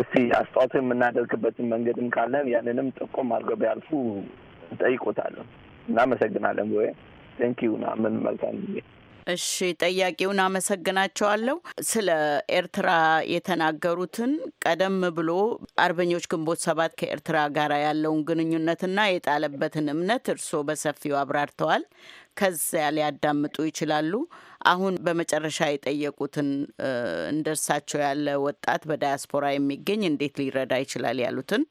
እስቲ አስተዋጽኦ የምናደርግበትን መንገድም ካለን ያንንም ጥቆም አድርገው ቢያልፉ እንጠይቆታለን። እናመሰግናለን። ወይ ቴንኪዩ ና ምን መልካም ጊዜ እሺ ጠያቂውን አመሰግናቸዋለሁ። ስለ ኤርትራ የተናገሩትን ቀደም ብሎ አርበኞች ግንቦት ሰባት ከኤርትራ ጋር ያለውን ግንኙነትና የጣለበትን እምነት እርስዎ በሰፊው አብራርተዋል። ከዚያ ሊያዳምጡ ይችላሉ። አሁን በመጨረሻ የጠየቁትን እንደርሳቸው ያለ ወጣት በዳያስፖራ የሚገኝ እንዴት ሊረዳ ይችላል ያሉትን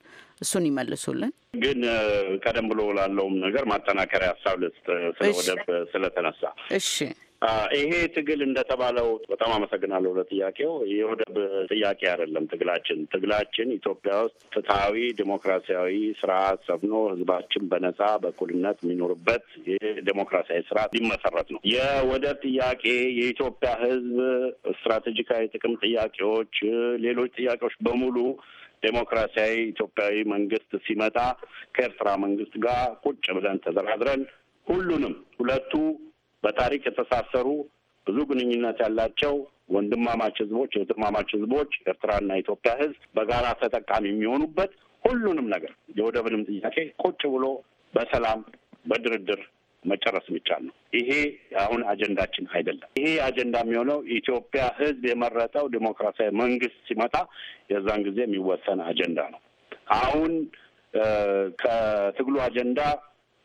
እሱን ይመልሱልን። ግን ቀደም ብሎ ላለውም ነገር ማጠናከሪያ ሀሳብ ልስጥ፣ ስለ ወደብ ስለተነሳ። እሺ ይሄ ትግል እንደተባለው በጣም አመሰግናለሁ ለጥያቄው። የወደብ ጥያቄ አይደለም ትግላችን። ትግላችን ኢትዮጵያ ውስጥ ፍትሐዊ ዲሞክራሲያዊ ስርዓት ሰፍኖ ህዝባችን በነጻ በእኩልነት የሚኖርበት የዲሞክራሲያዊ ስርዓት ሊመሰረት ነው። የወደብ ጥያቄ የኢትዮጵያ ህዝብ ስትራቴጂካዊ ጥቅም ጥያቄዎች፣ ሌሎች ጥያቄዎች በሙሉ ዴሞክራሲያዊ ኢትዮጵያዊ መንግስት ሲመጣ ከኤርትራ መንግስት ጋር ቁጭ ብለን ተደራድረን ሁሉንም ሁለቱ በታሪክ የተሳሰሩ ብዙ ግንኙነት ያላቸው ወንድማማች ህዝቦች፣ የወንድማማች ህዝቦች ኤርትራና ኢትዮጵያ ህዝብ በጋራ ተጠቃሚ የሚሆኑበት ሁሉንም ነገር የወደብንም ጥያቄ ቁጭ ብሎ በሰላም በድርድር መጨረስ ብቻ ነው። ይሄ አሁን አጀንዳችን አይደለም። ይሄ አጀንዳ የሚሆነው ኢትዮጵያ ህዝብ የመረጠው ዲሞክራሲያዊ መንግስት ሲመጣ የዛን ጊዜ የሚወሰን አጀንዳ ነው። አሁን ከትግሉ አጀንዳ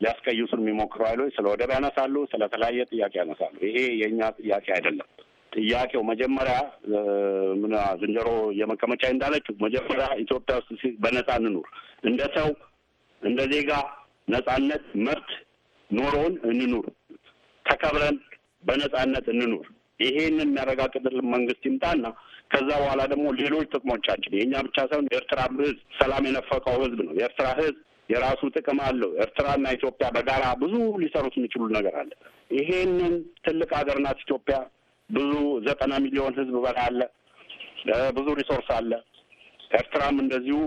ሊያስቀይሱን የሚሞክሩ ኃይሎች ስለ ወደብ ያነሳሉ፣ ስለተለያየ ጥያቄ ያነሳሉ። ይሄ የእኛ ጥያቄ አይደለም። ጥያቄው መጀመሪያ ምና ዝንጀሮ የመቀመጫ እንዳለችው መጀመሪያ ኢትዮጵያ ውስጥ በነፃ እንኑር፣ እንደ ሰው እንደ ዜጋ ነፃነት መብት ኖሮን እንኑር፣ ተከብረን በነፃነት እንኑር። ይሄንን የሚያረጋግጥልን መንግስት ይምጣና ከዛ በኋላ ደግሞ ሌሎች ጥቅሞቻችን የእኛ ብቻ ሳይሆን የኤርትራ ህዝብ ሰላም የነፈቀው ህዝብ ነው። የኤርትራ ህዝብ የራሱ ጥቅም አለው። ኤርትራና ኢትዮጵያ በጋራ ብዙ ሊሰሩት የሚችሉ ነገር አለ። ይሄንን ትልቅ ሀገር ናት ኢትዮጵያ። ብዙ ዘጠና ሚሊዮን ህዝብ በላይ አለ። ብዙ ሪሶርስ አለ። ኤርትራም እንደዚሁ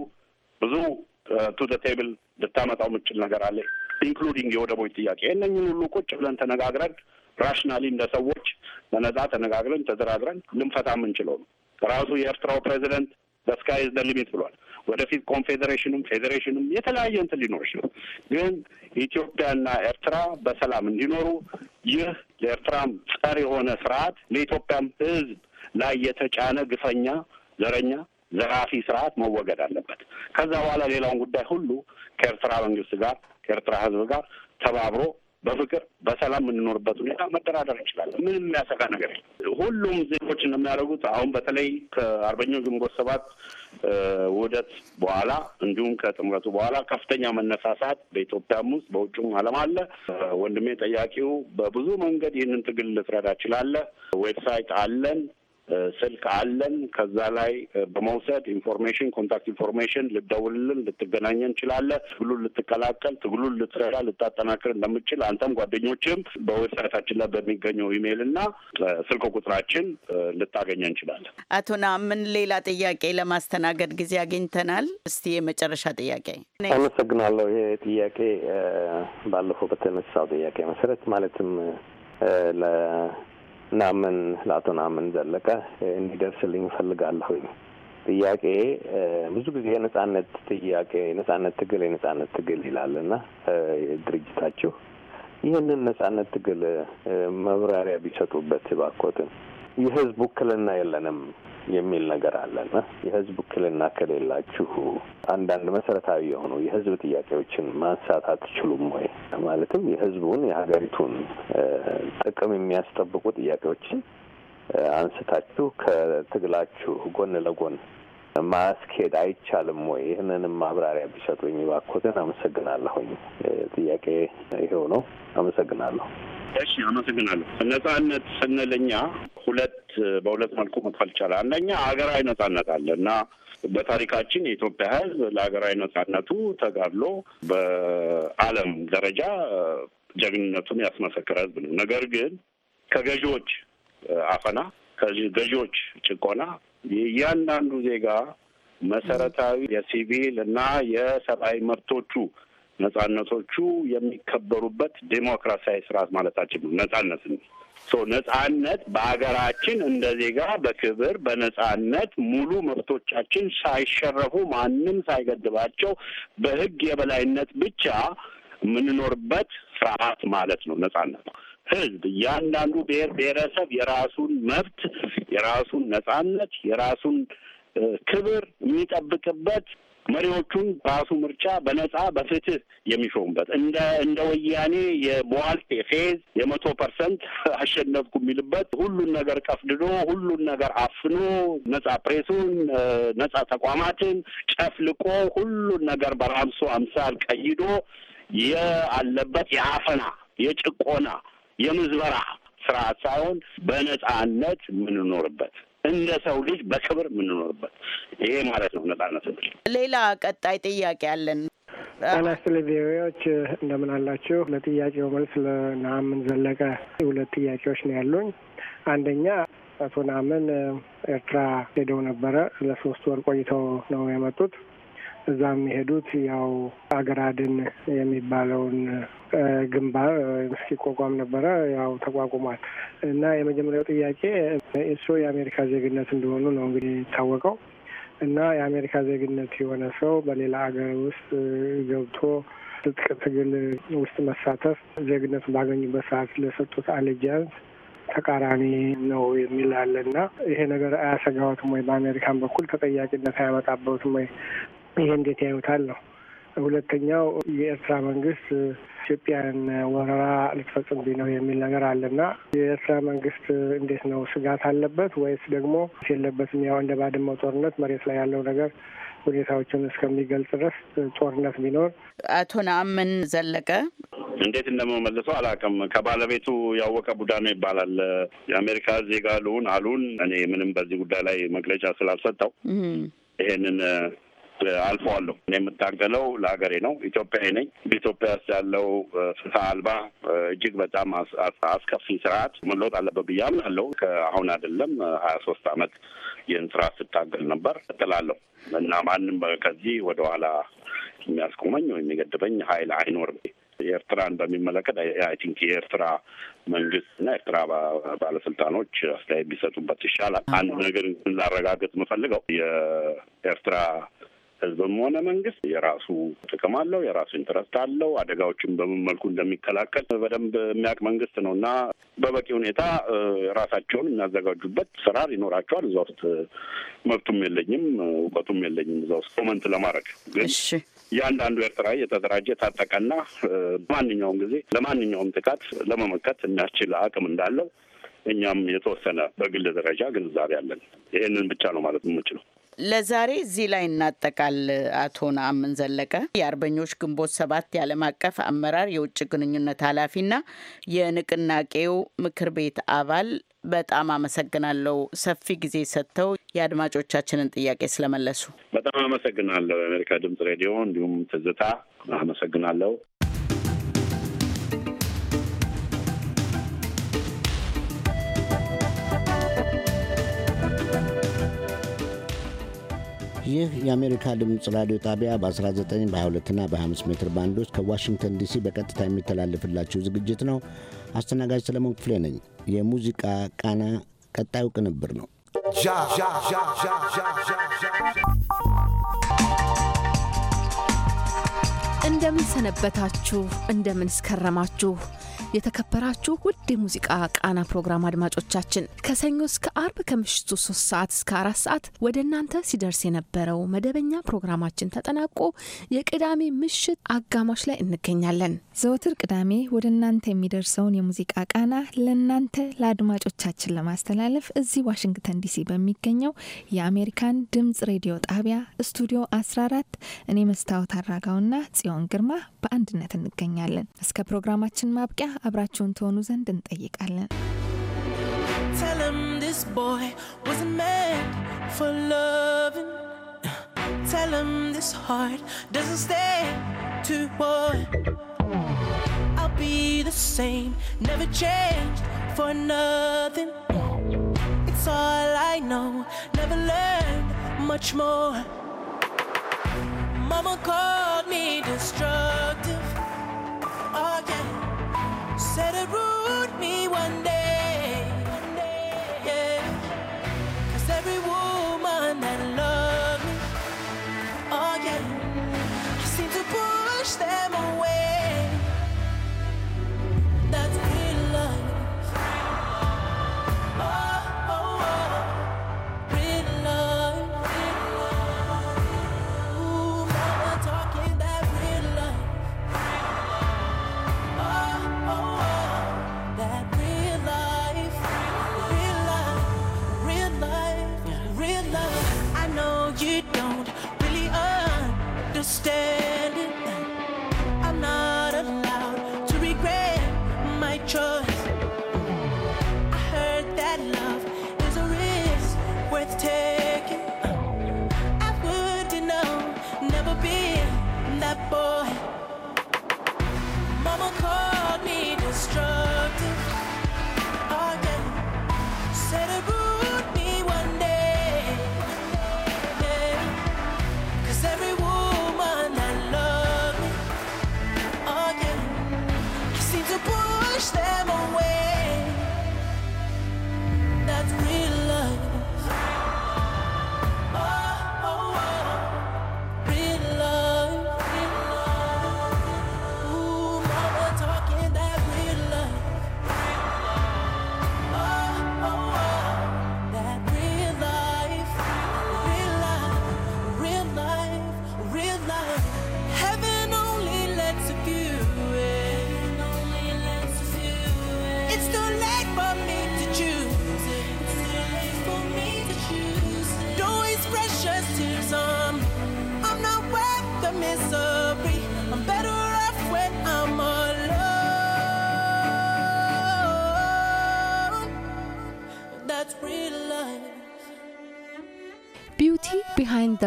ብዙ ቱ ደ ቴብል ልታመጣው የምችል ነገር አለ ኢንክሉዲንግ የወደቦች ጥያቄ። ይህንኝን ሁሉ ቁጭ ብለን ተነጋግረን ራሽናሊ እንደ ሰዎች በነጻ ተነጋግረን ተደራድረን ልንፈታ የምንችለው ነው። ራሱ የኤርትራው ፕሬዚደንት በስካይ ዘ ሊሚት ብሏል። ወደፊት ኮንፌዴሬሽንም ፌዴሬሽንም የተለያየ እንትን ሊኖር ይችላል። ግን ኢትዮጵያና ኤርትራ በሰላም እንዲኖሩ ይህ ለኤርትራም ጸር የሆነ ስርዓት ለኢትዮጵያም ህዝብ ላይ የተጫነ ግፈኛ፣ ዘረኛ፣ ዘራፊ ስርዓት መወገድ አለበት። ከዛ በኋላ ሌላውን ጉዳይ ሁሉ ከኤርትራ መንግስት ጋር ከኤርትራ ህዝብ ጋር ተባብሮ በፍቅር በሰላም የምንኖርበት ሁኔታ መደራደር እንችላለን። ምንም የሚያሰጋ ነገር ሁሉም ዜጎች እንደሚያደርጉት አሁን በተለይ ከአርበኛው ግንቦት ሰባት ውህደት በኋላ እንዲሁም ከጥምረቱ በኋላ ከፍተኛ መነሳሳት በኢትዮጵያም ውስጥ በውጭም ዓለም አለ። ወንድሜ ጠያቂው በብዙ መንገድ ይህንን ትግል ልትረዳ ችላለ። ዌብሳይት አለን፣ ስልክ አለን። ከዛ ላይ በመውሰድ ኢንፎርሜሽን ኮንታክት ኢንፎርሜሽን ልደውልልን፣ ልትገናኘን እንችላለን። ትግሉን ልትቀላቀል፣ ትግሉን ልትረዳ፣ ልታጠናክር እንደምችል አንተም ጓደኞችም በዌብሳይታችን ላይ በሚገኘው ኢሜይል እና ስልክ ቁጥራችን ልታገኘ እንችላለን። አቶ ናምን ሌላ ጥያቄ ለማስተናገድ ጊዜ አግኝተናል። እስቲ የመጨረሻ ጥያቄ። አመሰግናለሁ። ይሄ ጥያቄ ባለፈው በተነሳው ጥያቄ መሰረት ማለትም ናምን ለአቶ ናምን ዘለቀ እንዲደርስልኝ እፈልጋለሁኝ። ጥያቄ ብዙ ጊዜ የነጻነት ጥያቄ፣ የነጻነት ትግል፣ የነጻነት ትግል ይላል እና ድርጅታችሁ ይህንን ነጻነት ትግል መብራሪያ ቢሰጡበት ባኮትን የህዝብ ውክልና የለንም የሚል ነገር አለና የህዝብ ውክልና ከሌላችሁ አንዳንድ መሰረታዊ የሆኑ የህዝብ ጥያቄዎችን ማንሳት አትችሉም ወይ? ማለትም የህዝቡን የሀገሪቱን ጥቅም የሚያስጠብቁ ጥያቄዎችን አንስታችሁ ከትግላችሁ ጎን ለጎን ማስኬድ አይቻልም ወይ? ይህንንም ማብራሪያ ቢሰጡኝ ባኮትን። አመሰግናለሁኝ። ጥያቄ ይሄው ነው። አመሰግናለሁ። እሺ አመሰግናለሁ። ነጻነት ስንል ሁለት በሁለት መልኩ መክፈል ይቻላል። አንደኛ ሀገራዊ ነጻነት አለ እና በታሪካችን የኢትዮጵያ ሕዝብ ለሀገራዊ ነጻነቱ ተጋድሎ በዓለም ደረጃ ጀግንነቱን ያስመሰከረ ሕዝብ ነው። ነገር ግን ከገዢዎች አፈና፣ ከገዢዎች ጭቆና የእያንዳንዱ ዜጋ መሰረታዊ የሲቪል እና የሰብአዊ መብቶቹ ነጻነቶቹ የሚከበሩበት ዴሞክራሲያዊ ስርዓት ማለታችን ነው። ነጻነት ነጻነት በሀገራችን እንደ ዜጋ በክብር በነጻነት ሙሉ መብቶቻችን ሳይሸረፉ ማንም ሳይገድባቸው በህግ የበላይነት ብቻ የምንኖርበት ስርዓት ማለት ነው ነጻነት። ህዝብ እያንዳንዱ ብሔር ብሔረሰብ የራሱን መብት የራሱን ነጻነት የራሱን ክብር የሚጠብቅበት መሪዎቹን ራሱ ምርጫ በነጻ በፍትህ የሚሾሙበት እንደ እንደ ወያኔ የቧልት የፌዝ የመቶ ፐርሰንት አሸነፍኩ የሚልበት ሁሉን ነገር ቀፍድዶ ሁሉን ነገር አፍኖ ነጻ ፕሬሱን ነጻ ተቋማትን ጨፍልቆ ሁሉን ነገር በራምሶ አምሳል ቀይዶ የአለበት የአፈና የጭቆና የምዝበራ ስርዓት ሳይሆን በነጻነት የምንኖርበት እንደ ሰው ልጅ በክብር የምንኖርበት ይሄ ማለት ነው ነጻነት ሌላ ቀጣይ ጥያቄ አለን። ጤና ይስጥልኝ እንደምን አላችሁ? ለጥያቄው መልስ ለናምን ዘለቀ ሁለት ጥያቄዎች ነው ያሉኝ። አንደኛ አቶ ናምን ኤርትራ ሄደው ነበረ። ለሶስት ወር ቆይተው ነው የመጡት። እዛ የሚሄዱት ያው አገር አድን የሚባለውን ግንባር ሲቋቋም ነበረ። ያው ተቋቁሟል እና የመጀመሪያው ጥያቄ እሱ የአሜሪካ ዜግነት እንደሆኑ ነው እንግዲህ የሚታወቀው እና የአሜሪካ ዜግነት የሆነ ሰው በሌላ ሀገር ውስጥ ገብቶ ትጥቅ ትግል ውስጥ መሳተፍ ዜግነቱን ባገኙበት ሰዓት ለሰጡት አሌጃንስ ተቃራኒ ነው የሚል አለ እና ይሄ ነገር አያሰጋዎትም ወይ? በአሜሪካን በኩል ተጠያቂነት አያመጣበትም ወይ? ይሄ እንዴት ያዩታል ነው። ሁለተኛው የኤርትራ መንግስት ኢትዮጵያን ወረራ ልትፈጽምብኝ ነው የሚል ነገር አለና የኤርትራ መንግስት እንዴት ነው ስጋት አለበት ወይስ ደግሞ የለበትም? ያው እንደ ባድመው ጦርነት መሬት ላይ ያለው ነገር ሁኔታዎችን እስከሚገልጽ ድረስ ጦርነት ቢኖር አቶ ነአምን ዘለቀ እንዴት እንደመመልሰው አላውቅም። ከባለቤቱ ያወቀ ቡዳ ነው ይባላል። የአሜሪካ ዜጋ ልሁን አሉን እኔ ምንም በዚህ ጉዳይ ላይ መግለጫ ስላልሰጠው ይሄንን አልፈዋለሁ። እኔ የምታገለው ለሀገሬ ነው። ኢትዮጵያዊ ነኝ። በኢትዮጵያ ውስጥ ያለው ፍትህ አልባ እጅግ በጣም አስከፊ ስርዓት መለወጥ አለበት ብዬ አምናለሁ። ከአሁን አይደለም ሀያ ሶስት አመት ይህን ስራ ስታገል ነበር እጥላለሁ እና ማንም ከዚህ ወደኋላ የሚያስቆመኝ ወይም የሚገድበኝ ሀይል አይኖርም። ኤርትራን በሚመለከት አይ ቲንክ የኤርትራ መንግስት እና ኤርትራ ባለስልጣኖች አስተያየት ቢሰጡበት ይሻላል። አንድ ነገር ላረጋግጥ የምፈልገው የኤርትራ ህዝብም ሆነ መንግስት የራሱ ጥቅም አለው፣ የራሱ ኢንትረስት አለው። አደጋዎችን በምን መልኩ እንደሚከላከል በደንብ የሚያውቅ መንግስት ነው እና በበቂ ሁኔታ ራሳቸውን የሚያዘጋጁበት ስራ ይኖራቸዋል። እዛ ውስጥ መብቱም የለኝም፣ እውቀቱም የለኝም እዛ ውስጥ ኮመንት ለማድረግ ግን እያንዳንዱ ኤርትራ የተደራጀ ታጠቀና በማንኛውም ጊዜ ለማንኛውም ጥቃት ለመመከት የሚያስችል አቅም እንዳለው እኛም የተወሰነ በግል ደረጃ ግንዛቤ አለን። ይህንን ብቻ ነው ማለት የምችለው። ለዛሬ እዚህ ላይ እናጠቃል። አቶ ነአምን ዘለቀ የአርበኞች ግንቦት ሰባት የዓለም አቀፍ አመራር የውጭ ግንኙነት ኃላፊና የንቅናቄው ምክር ቤት አባል በጣም አመሰግናለሁ። ሰፊ ጊዜ ሰጥተው የአድማጮቻችንን ጥያቄ ስለመለሱ በጣም አመሰግናለሁ። የአሜሪካ ድምጽ ሬዲዮ እንዲሁም ትዝታ አመሰግናለሁ። ይህ የአሜሪካ ድምፅ ራዲዮ ጣቢያ በ19 በ22ና በ25 ሜትር ባንዶች ከዋሽንግተን ዲሲ በቀጥታ የሚተላለፍላችሁ ዝግጅት ነው። አስተናጋጅ ሰለሞን ክፍሌ ነኝ። የሙዚቃ ቃና ቀጣዩ ቅንብር ነው። እንደምን ሰነበታችሁ? እንደምን ስከረማችሁ? የተከበራችሁ ውድ የሙዚቃ ቃና ፕሮግራም አድማጮቻችን ከሰኞ እስከ አርብ ከምሽቱ ሶስት ሰዓት እስከ አራት ሰዓት ወደ እናንተ ሲደርስ የነበረው መደበኛ ፕሮግራማችን ተጠናቆ የቅዳሜ ምሽት አጋማሽ ላይ እንገኛለን። ዘወትር ቅዳሜ ወደ እናንተ የሚደርሰውን የሙዚቃ ቃና ለእናንተ ለአድማጮቻችን ለማስተላለፍ እዚህ ዋሽንግተን ዲሲ በሚገኘው የአሜሪካን ድምጽ ሬዲዮ ጣቢያ ስቱዲዮ 14 እኔ መስታወት አራጋውና ጽዮን ግርማ በአንድነት እንገኛለን። እስከ ፕሮግራማችን ማብቂያ አብራችሁን ትሆኑ ዘንድ እንጠይቃለን። Tell him this boy wasn't meant for loving. Tell him this heart doesn't stay too boy. I'll be the same, never changed for nothing. It's all I know, never learned much more. Mama called me. set a rule.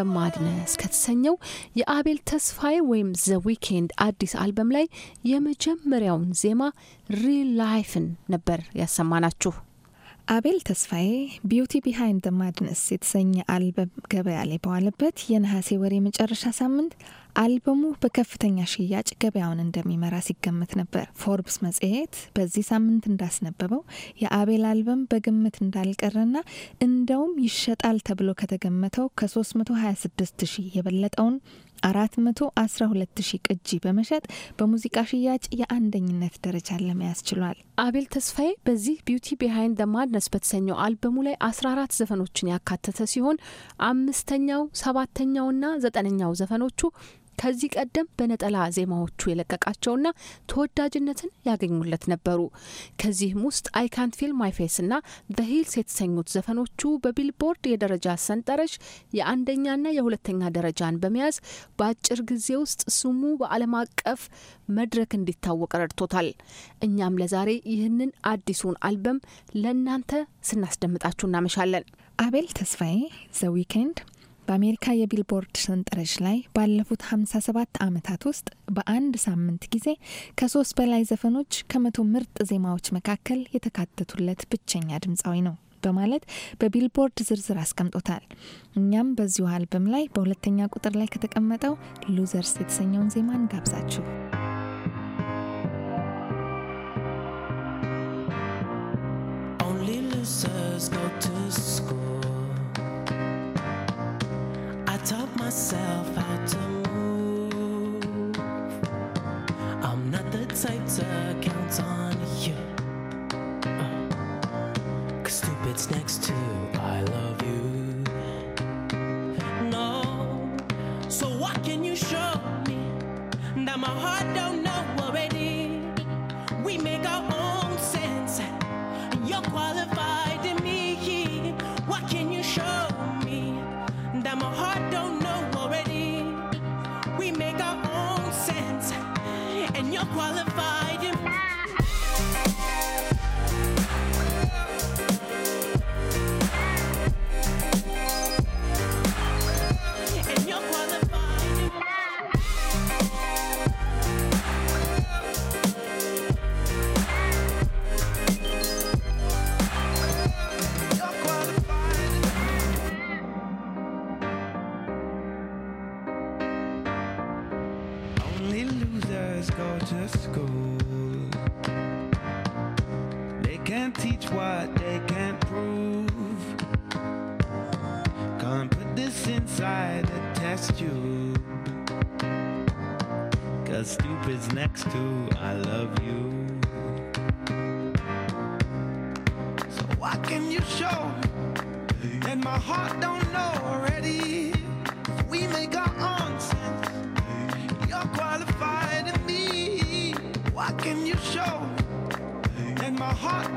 ዘ ማድነስ ከተሰኘው የአቤል ተስፋዬ ወይም ዘ ዊኬንድ አዲስ አልበም ላይ የመጀመሪያውን ዜማ ሪል ላይፍን ነበር ያሰማናችሁ። አቤል ተስፋዬ ቢዩቲ ቢሃይንድ ማድነስ የተሰኘ አልበም ገበያ ላይ በዋለበት የነሐሴ ወር የመጨረሻ ሳምንት አልበሙ በከፍተኛ ሽያጭ ገበያውን እንደሚመራ ሲገመት ነበር። ፎርብስ መጽሔት በዚህ ሳምንት እንዳስነበበው የአቤል አልበም በግምት እንዳልቀረና እንደውም ይሸጣል ተብሎ ከተገመተው ከ326 ሺህ የበለጠውን 412 ሺህ ቅጂ በመሸጥ በሙዚቃ ሽያጭ የአንደኝነት ደረጃ ለመያዝ ችሏል። አቤል ተስፋዬ በዚህ ቢዩቲ ቢሃይንድ ደ ማድነስ በተሰኘው አልበሙ ላይ 14 ዘፈኖችን ያካተተ ሲሆን አምስተኛው ሰባተኛውና ዘጠነኛው ዘፈኖቹ ከዚህ ቀደም በነጠላ ዜማዎቹ የለቀቃቸውና ተወዳጅነትን ያገኙለት ነበሩ። ከዚህም ውስጥ አይ ካንት ፊል ማይ ፌስ ዘ ሂልስ የተሰኙት ዘፈኖቹ በቢልቦርድ የደረጃ ሰንጠረዥ የአንደኛና የሁለተኛ ደረጃን በመያዝ በአጭር ጊዜ ውስጥ ስሙ በዓለም አቀፍ መድረክ እንዲታወቅ ረድቶታል። እኛም ለዛሬ ይህንን አዲሱን አልበም ለእናንተ ስናስደምጣችሁ እናመሻለን። አቤል ተስፋዬ ዘ ዊኬንድ በአሜሪካ የቢልቦርድ ሰንጠረዥ ላይ ባለፉት 57 ዓመታት ውስጥ በአንድ ሳምንት ጊዜ ከሶስት በላይ ዘፈኖች ከመቶ ምርጥ ዜማዎች መካከል የተካተቱለት ብቸኛ ድምፃዊ ነው በማለት በቢልቦርድ ዝርዝር አስቀምጦታል። እኛም በዚሁ አልበም ላይ በሁለተኛ ቁጥር ላይ ከተቀመጠው ሉዘርስ የተሰኘውን ዜማን ጋብዛችሁ go to myself how to move. I'm not the type to count on you. Uh, Cause stupid's next to I love you. No, so what can you show me that my heart don't know already? We make our boys go to school. They can't teach what they can't prove. Can't put this inside a test tube. Cause stupid's next to I love you. So why can you show? And my heart don't know already. We make our own. heart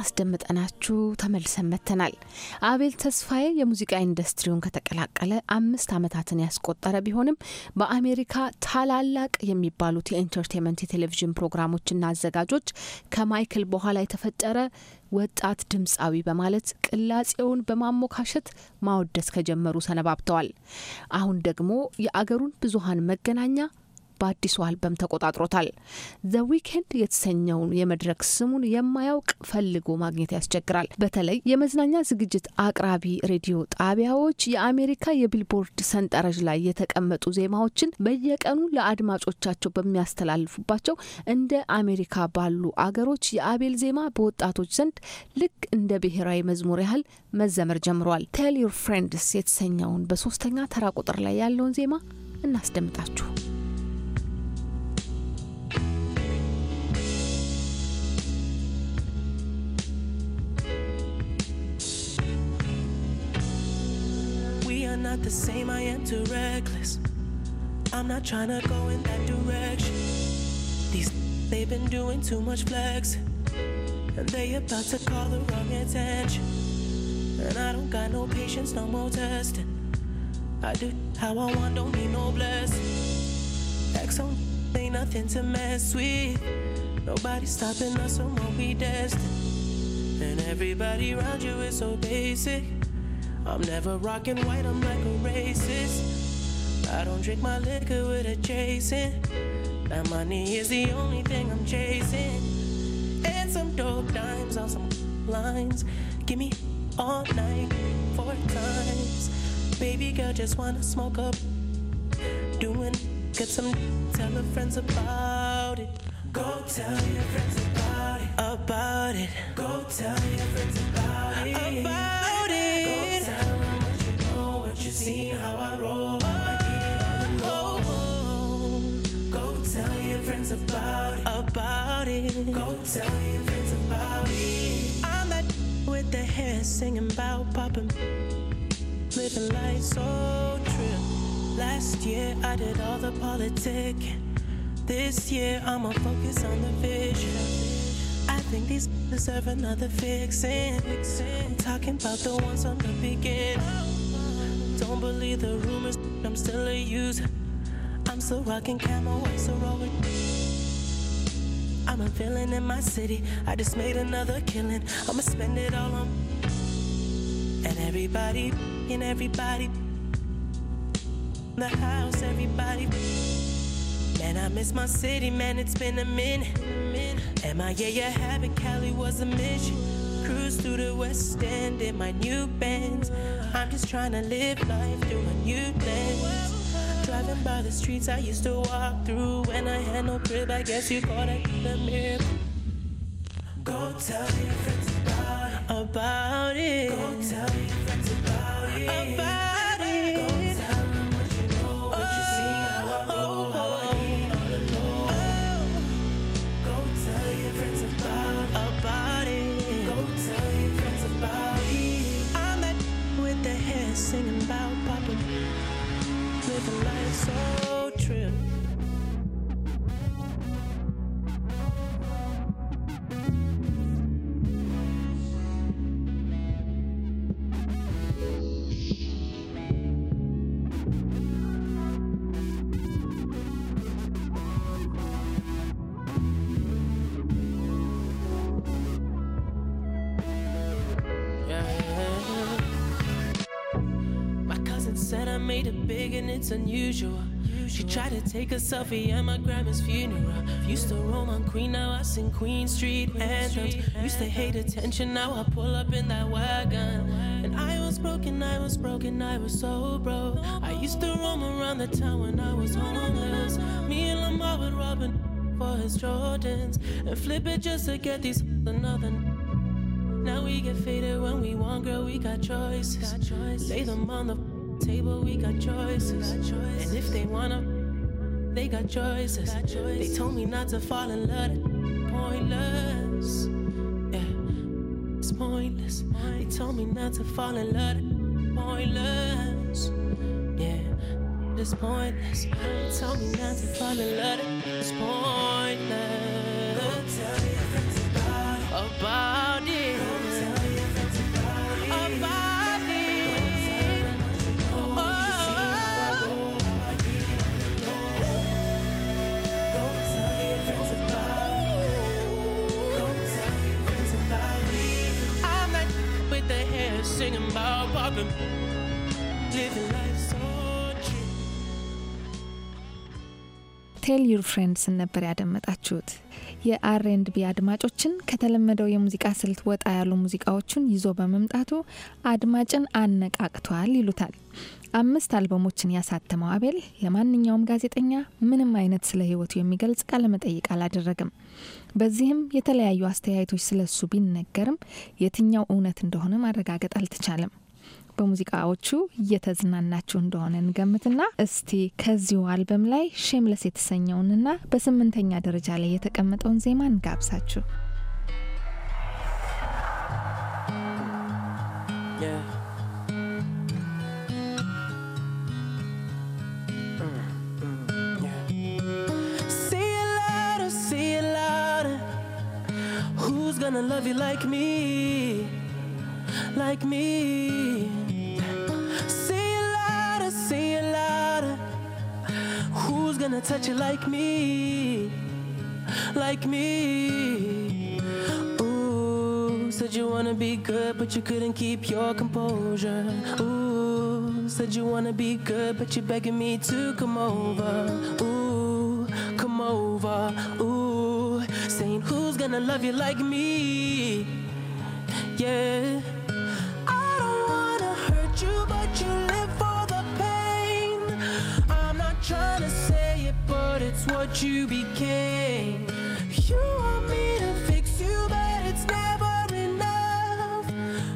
አስደምጠናችሁ ተመልሰን መጥተናል። አቤል ተስፋዬ የሙዚቃ ኢንዱስትሪውን ከተቀላቀለ አምስት ዓመታትን ያስቆጠረ ቢሆንም በአሜሪካ ታላላቅ የሚባሉት የኢንተርቴንመንት የቴሌቪዥን ፕሮግራሞችና አዘጋጆች ከማይክል በኋላ የተፈጠረ ወጣት ድምፃዊ በማለት ቅላጼውን በማሞካሸት ማወደስ ከጀመሩ ሰነባብተዋል። አሁን ደግሞ የአገሩን ብዙሃን መገናኛ በአዲሱ አልበም ተቆጣጥሮታል። ዘ ዊኬንድ የተሰኘውን የመድረክ ስሙን የማያውቅ ፈልጎ ማግኘት ያስቸግራል። በተለይ የመዝናኛ ዝግጅት አቅራቢ ሬዲዮ ጣቢያዎች የአሜሪካ የቢልቦርድ ሰንጠረዥ ላይ የተቀመጡ ዜማዎችን በየቀኑ ለአድማጮቻቸው በሚያስተላልፉባቸው እንደ አሜሪካ ባሉ አገሮች የአቤል ዜማ በወጣቶች ዘንድ ልክ እንደ ብሔራዊ መዝሙር ያህል መዘመር ጀምሯል። ቴል ዮር ፍሬንድስ የተሰኘውን በሶስተኛ ተራ ቁጥር ላይ ያለውን ዜማ እናስደምጣችሁ። We are not the same, I am too reckless. I'm not trying to go in that direction. These they've been doing too much flex. And they about to call the wrong attention. And I don't got no patience, no more testing. I do how I want, don't need no blessing. X on ain't nothing to mess with. Nobody stopping us from what we destined. And everybody around you is so basic. I'm never rocking white, I'm like a racist. I don't drink my liquor with a chasing. That money is the only thing I'm chasing. And some dope dimes on some lines. Give me all night, four times. Baby girl, just wanna smoke up. Doing good some tell her friends about it. Go tell your friends about it. About it. Go tell your friends about it. About it. Go don't you see how I roll? Go tell your friends about it. About it. Go tell your friends about it. I'm that with the hair singing about popping. Living life so true. Last year I did all the politic. This year I'ma focus on the vision. I think these deserve another fixin'. I'm talking about the ones from the beginning. Don't believe the rumors, I'm still a user. I'm still rocking camel way, so rolling. I'm a villain in my city. I just made another killing. I'ma spend it all on. And everybody, and everybody. The house, everybody. Man, I miss my city, man, it's been a minute. Am I, yeah, yeah, habit? Cali was a mission. Cruise through the West End in my new Benz. I'm just trying to live life through a new lens. Driving by the streets I used to walk through when I had no crib. I guess you call that the miracle. Go tell your friends about it. About it. Go tell your friends about it. About said I made it big and it's unusual. She tried to take a selfie at my grandma's funeral. Used to roam on Queen, now I sing Queen Street anthems. Used to hate attention, now I pull up in that wagon. And I was broken, I was broken, I was so broke. I used to roam around the town when I was homeless. Me and Lamar would rob for his Jordans and flip it just to get these another. Now we get faded when we want, girl, we got choices. Lay them on the Table, we got choices. And if they wanna, they got choices. They told me not to fall in love. Pointless. Yeah, it's pointless. They told me not to fall in love. Pointless. Yeah, it's pointless. They told me not to fall in love. It's pointless. ቴል ዩር ፍሬንድስን ነበር ያደመጣችሁት። ቢ አድማጮችን ከተለመደው የሙዚቃ ስልት ወጣ ያሉ ሙዚቃዎቹን ይዞ በመምጣቱ አድማጭን አነቃቅቷል ይሉታል። አምስት አልበሞችን ያሳተመው አቤል ለማንኛውም ጋዜጠኛ ምንም አይነት ስለ ሕይወቱ የሚገልጽ ቃለመጠይቅ አላደረግም። በዚህም የተለያዩ አስተያየቶች ስለሱ ቢነገርም የትኛው እውነት እንደሆነ ማረጋገጥ አልተቻለም። በሙዚቃዎቹ እየተዝናናችሁ እንደሆነ እንገምትና እስቲ ከዚሁ አልበም ላይ ሼምለስ የተሰኘውንና በስምንተኛ ደረጃ ላይ የተቀመጠውን ዜማ እንጋብዛችሁ። gonna love you like me? Like me? Who's gonna touch you like me? Like me? Ooh, said you wanna be good, but you couldn't keep your composure. Ooh, said you wanna be good, but you're begging me to come over. Ooh, come over. Ooh, saying who's gonna love you like me? Yeah. I don't wanna hurt you, but you. you became. You want me to fix you, but it's never enough.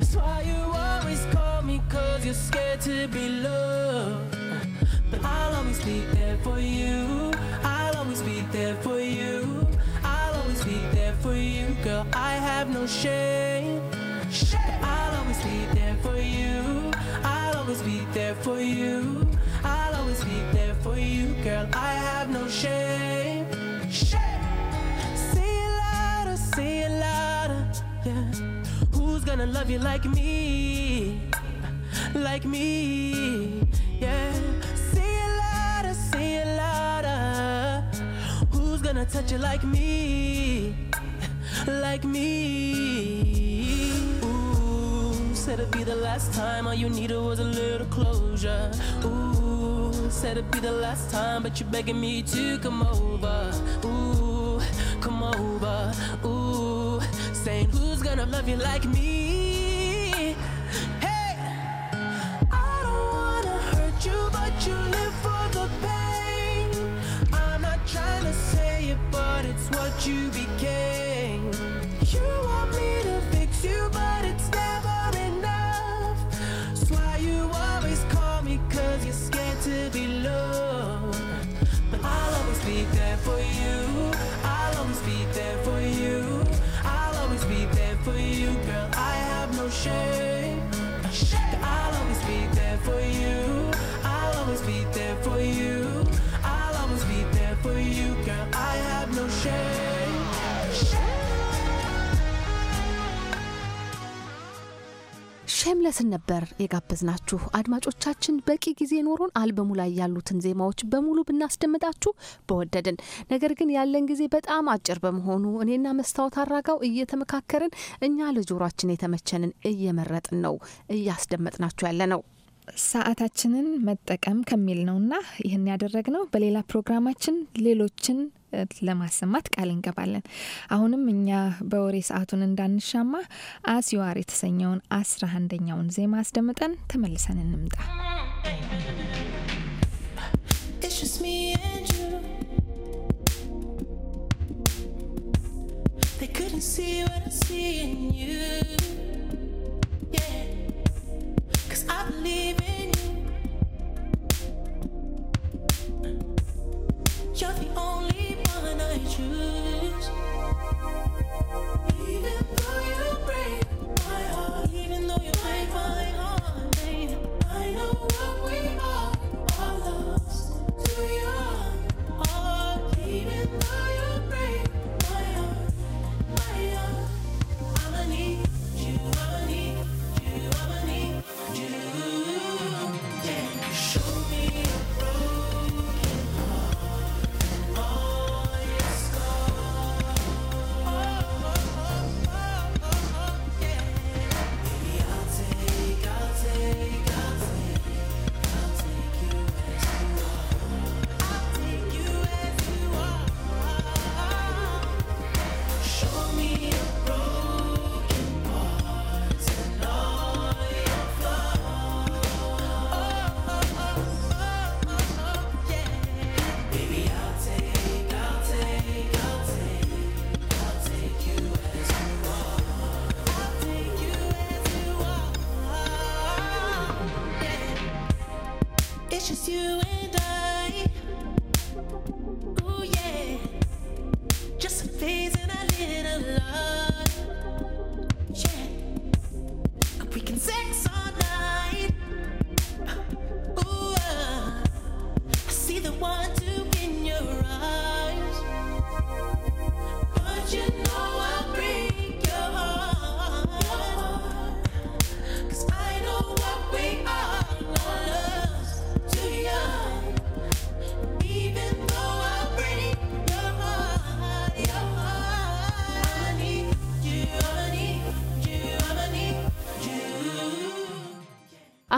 That's why you always call me, cause you're scared to be loved. But I'll always be there for you. I'll always be there for you. I'll always be there for you, girl. I have no shame. shame. I'll always be there for you. I'll always be there for you. I'll always be there for you, girl. I have no shame. gonna love you like me, like me, yeah. See you later, see you later. Who's gonna touch you like me, like me? Ooh, said it'd be the last time, all you needed was a little closure. Ooh, said it'd be the last time, but you're begging me to come over. Ooh, come over. Ooh saying who's gonna love you like me you, but you live for the pain I'm not trying to say it, but it's what you became you ለስን ነበር የጋበዝናችሁ። አድማጮቻችን በቂ ጊዜ ኖሮን አልበሙ ላይ ያሉትን ዜማዎች በሙሉ ብናስደምጣችሁ በወደድን። ነገር ግን ያለን ጊዜ በጣም አጭር በመሆኑ እኔና መስታወት አራጋው እየተመካከርን እኛ ለጆሯችን የተመቸንን እየመረጥን ነው እያስደመጥናችሁ ያለ ነው። ሰዓታችንን መጠቀም ከሚል ነውና ይህን ያደረግነው በሌላ ፕሮግራማችን ሌሎችን ለማሰማት ቃል እንገባለን። አሁንም እኛ በወሬ ሰዓቱን እንዳንሻማ አስዋር የተሰኘውን አስራ አንደኛውን ዜማ አስደምጠን ተመልሰን እንምጣ። They couldn't see what I see in you. You're the only one I choose.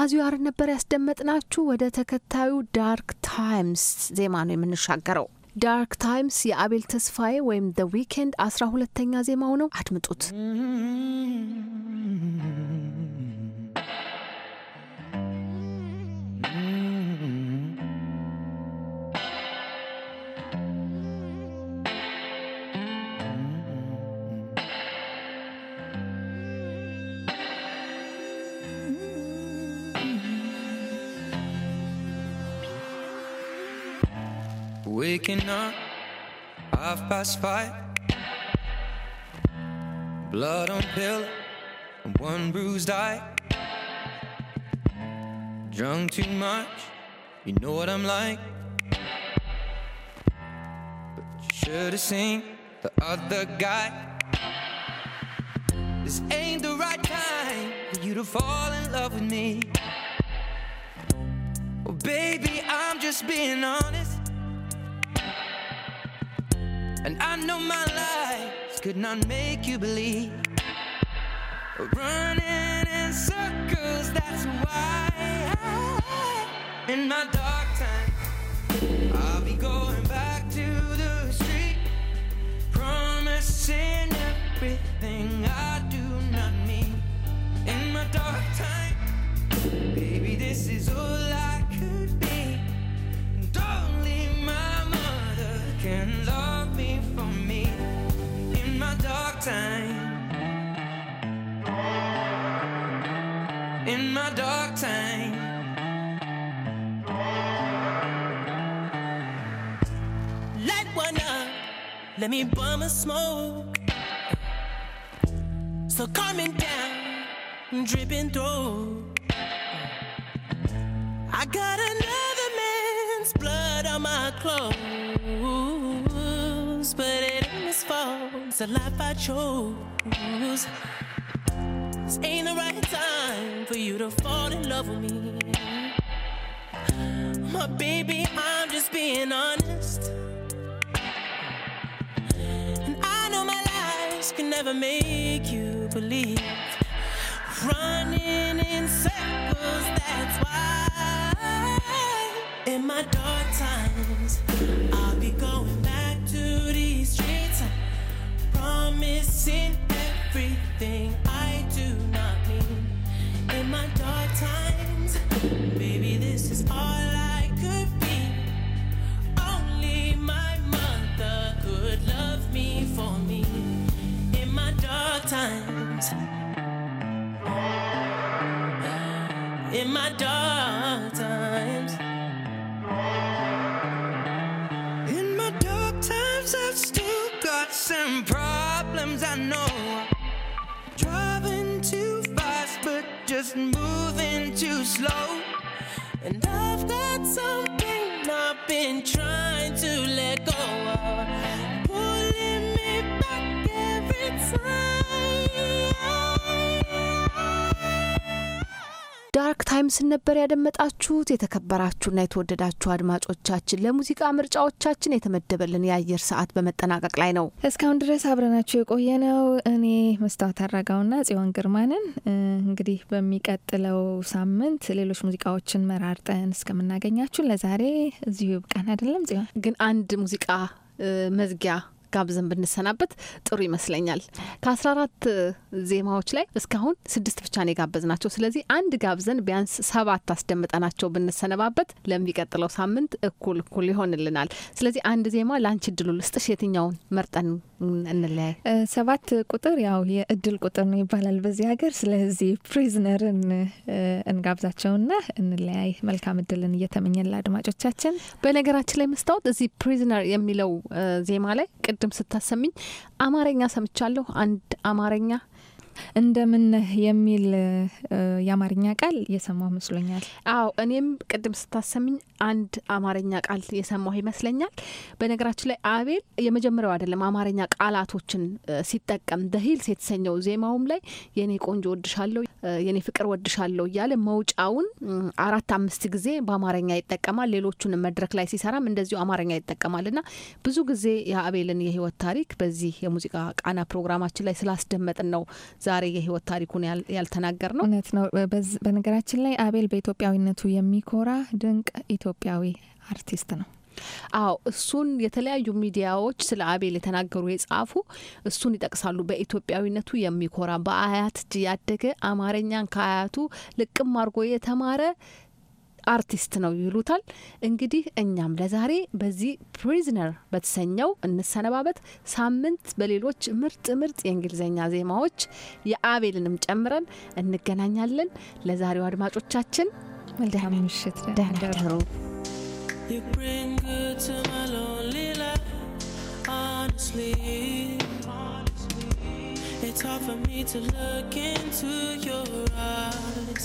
አዚዋር ነበር ያስደመጥናችሁ። ወደ ተከታዩ ዳርክ ታይምስ ዜማ ነው የምንሻገረው። ዳርክ ታይምስ የአቤል ተስፋዬ ወይም ዘ ዊኬንድ አስራ ሁለተኛ ዜማው ነው። አድምጡት። mm-hmm. waking up half past five. Blood on pillow and one bruised eye. Drunk too much, you know what I'm like. But you should have seen the other guy. This ain't the right time for you to fall in love with me. Oh, baby, I'm just being honest. And I know my lies could not make you believe. Running in circles, that's why. in my dark time, I'll be going back to the street, promising everything I do not mean. In my dark time, baby, this is all. time. In my dark time. Light one up. Let me bum a smoke. So coming down, dripping through. I got another man's blood on my clothes. the life I chose. This ain't the right time for you to fall in love with me. My baby, I'm just being honest. And I know my lies can never make you believe. Running in circles, that's why. In my dark times, I'll be going back to these streets promising everything I do not mean. in my dark times. Baby, this is all I could be. Only my mother could love me for me in my dark times. In my dark just moving too slow. And I've got something I've been trying. ኒውዮርክ ታይምስ ነበር ያደመጣችሁት። የተከበራችሁና የተወደዳችሁ አድማጮቻችን ለሙዚቃ ምርጫዎቻችን የተመደበልን የአየር ሰዓት በመጠናቀቅ ላይ ነው። እስካሁን ድረስ አብረናችሁ የቆየ ነው እኔ መስታወት አድራጋውና ጽዮን ግርማንን። እንግዲህ በሚቀጥለው ሳምንት ሌሎች ሙዚቃዎችን መራርጠን እስከምናገኛችሁ ለዛሬ እዚሁ ይብቃን። አይደለም ጽዮን ግን አንድ ሙዚቃ መዝጊያ ጋብዘን ብንሰናበት ጥሩ ይመስለኛል። ከአስራ አራት ዜማዎች ላይ እስካሁን ስድስት ብቻ ነው ናቸው ስለዚህ አንድ ጋብዘን ቢያንስ ሰባት አስደምጠናቸው ብንሰነባበት ለሚቀጥለው ሳምንት እኩል እኩል ይሆንልናል። ስለዚህ አንድ ዜማ ለአንቺ እድሉ ልስጥሽ። የትኛውን መርጠን እንለያይ? ሰባት ቁጥር ያው የእድል ቁጥር ነው ይባላል በዚህ ሀገር። ስለዚህ ፕሪዝነርን እንጋብዛቸውና እንለያይ። መልካም እድልን እየተመኘን ለአድማጮቻችን። በነገራችን ላይ መስታወት እዚህ ፕሪዝነር የሚለው ዜማ ላይ ቅድም ስታሰሚኝ አማርኛ ሰምቻለሁ። አንድ አማርኛ እንደምነህ የሚል የአማርኛ ቃል የሰማሁ ይመስለኛል። አዎ እኔም ቅድም ስታሰምኝ አንድ አማርኛ ቃል የሰማሁ ይመስለኛል። በነገራችን ላይ አቤል የመጀመሪያው አይደለም አማርኛ ቃላቶችን ሲጠቀም ደሂልስ የተሰኘው ዜማውም ላይ የኔ ቆንጆ ወድሻለሁ፣ የኔ ፍቅር ወድሻለሁ እያለ መውጫውን አራት አምስት ጊዜ በአማርኛ ይጠቀማል። ሌሎቹን መድረክ ላይ ሲሰራም እንደዚሁ አማርኛ ይጠቀማል እና ብዙ ጊዜ የአቤልን የህይወት ታሪክ በዚህ የሙዚቃ ቃና ፕሮግራማችን ላይ ስላስደመጥን ነው ዛሬ የህይወት ታሪኩን ያልተናገር ነው። እውነት ነው። በነገራችን ላይ አቤል በኢትዮጵያዊነቱ የሚኮራ ድንቅ ኢትዮጵያዊ አርቲስት ነው። አዎ እሱን የተለያዩ ሚዲያዎች ስለ አቤል የተናገሩ የጻፉ እሱን ይጠቅሳሉ። በኢትዮጵያዊነቱ የሚኮራ በአያት እጅ ያደገ አማርኛን ከአያቱ ልቅም አድርጎ የተማረ አርቲስት ነው ይሉታል። እንግዲህ እኛም ለዛሬ በዚህ ፕሪዝነር በተሰኘው እንሰነባበት። ሳምንት በሌሎች ምርጥ ምርጥ የእንግሊዝኛ ዜማዎች የአቤልንም ጨምረን እንገናኛለን። ለዛሬው አድማጮቻችን መልካም ምሽት፣ ደህና ደሩ። It's hard for me to look into your eyes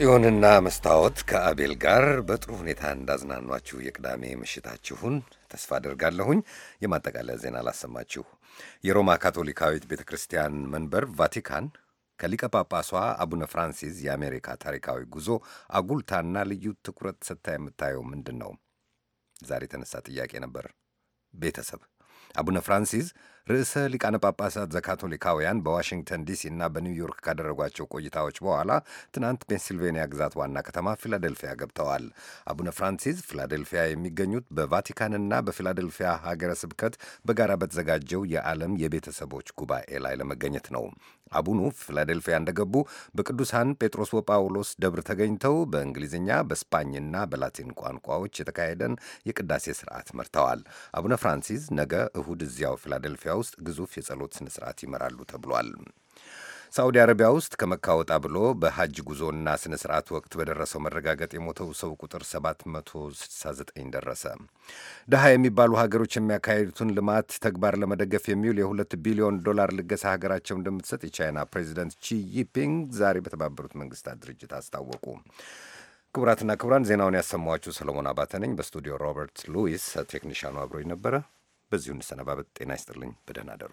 ጽዮንና መስታወት ከአቤል ጋር በጥሩ ሁኔታ እንዳዝናኗችሁ የቅዳሜ ምሽታችሁን ተስፋ አደርጋለሁኝ። የማጠቃለያ ዜና ላሰማችሁ። የሮማ ካቶሊካዊት ቤተ ክርስቲያን መንበር ቫቲካን ከሊቀ ጳጳሷ አቡነ ፍራንሲስ የአሜሪካ ታሪካዊ ጉዞ አጉልታና ልዩ ትኩረት ሰጥታ የምታየው ምንድን ነው? ዛሬ የተነሳ ጥያቄ ነበር። ቤተሰብ አቡነ ፍራንሲስ ርዕሰ ሊቃነ ጳጳሳት ዘካቶሊካውያን በዋሽንግተን ዲሲ እና በኒውዮርክ ካደረጓቸው ቆይታዎች በኋላ ትናንት ፔንሲልቬንያ ግዛት ዋና ከተማ ፊላደልፊያ ገብተዋል። አቡነ ፍራንሲስ ፊላደልፊያ የሚገኙት በቫቲካንና በፊላደልፊያ ሀገረ ስብከት በጋራ በተዘጋጀው የዓለም የቤተሰቦች ጉባኤ ላይ ለመገኘት ነው። አቡኑ ፊላዴልፊያ እንደገቡ በቅዱሳን ጴጥሮስ ወጳውሎስ ደብር ተገኝተው በእንግሊዝኛ በስፓኝና በላቲን ቋንቋዎች የተካሄደን የቅዳሴ ስርዓት መርተዋል። አቡነ ፍራንሲስ ነገ እሁድ እዚያው ፊላዴልፊያ ውስጥ ግዙፍ የጸሎት ስነ ስርዓት ይመራሉ ተብሏል። ሳዑዲ አረቢያ ውስጥ ከመካወጣ ብሎ በሐጅ ጉዞና ስነ ስርዓት ወቅት በደረሰው መረጋገጥ የሞተው ሰው ቁጥር 769 ደረሰ። ድሃ የሚባሉ ሀገሮች የሚያካሂዱትን ልማት ተግባር ለመደገፍ የሚውል የሁለት ቢሊዮን ዶላር ልገሳ ሀገራቸው እንደምትሰጥ የቻይና ፕሬዚደንት ቺ ዛሬ በተባበሩት መንግስታት ድርጅት አስታወቁ። ክቡራትና ክቡራን ዜናውን ያሰማኋችሁ ሰለሞን አባተ ነኝ። በስቱዲዮ ሮበርት ሉዊስ ቴክኒሻኑ አብሮኝ ነበረ። በዚሁ እንሰነባበት። ጤና ይስጥልኝ። በደህና አደሩ።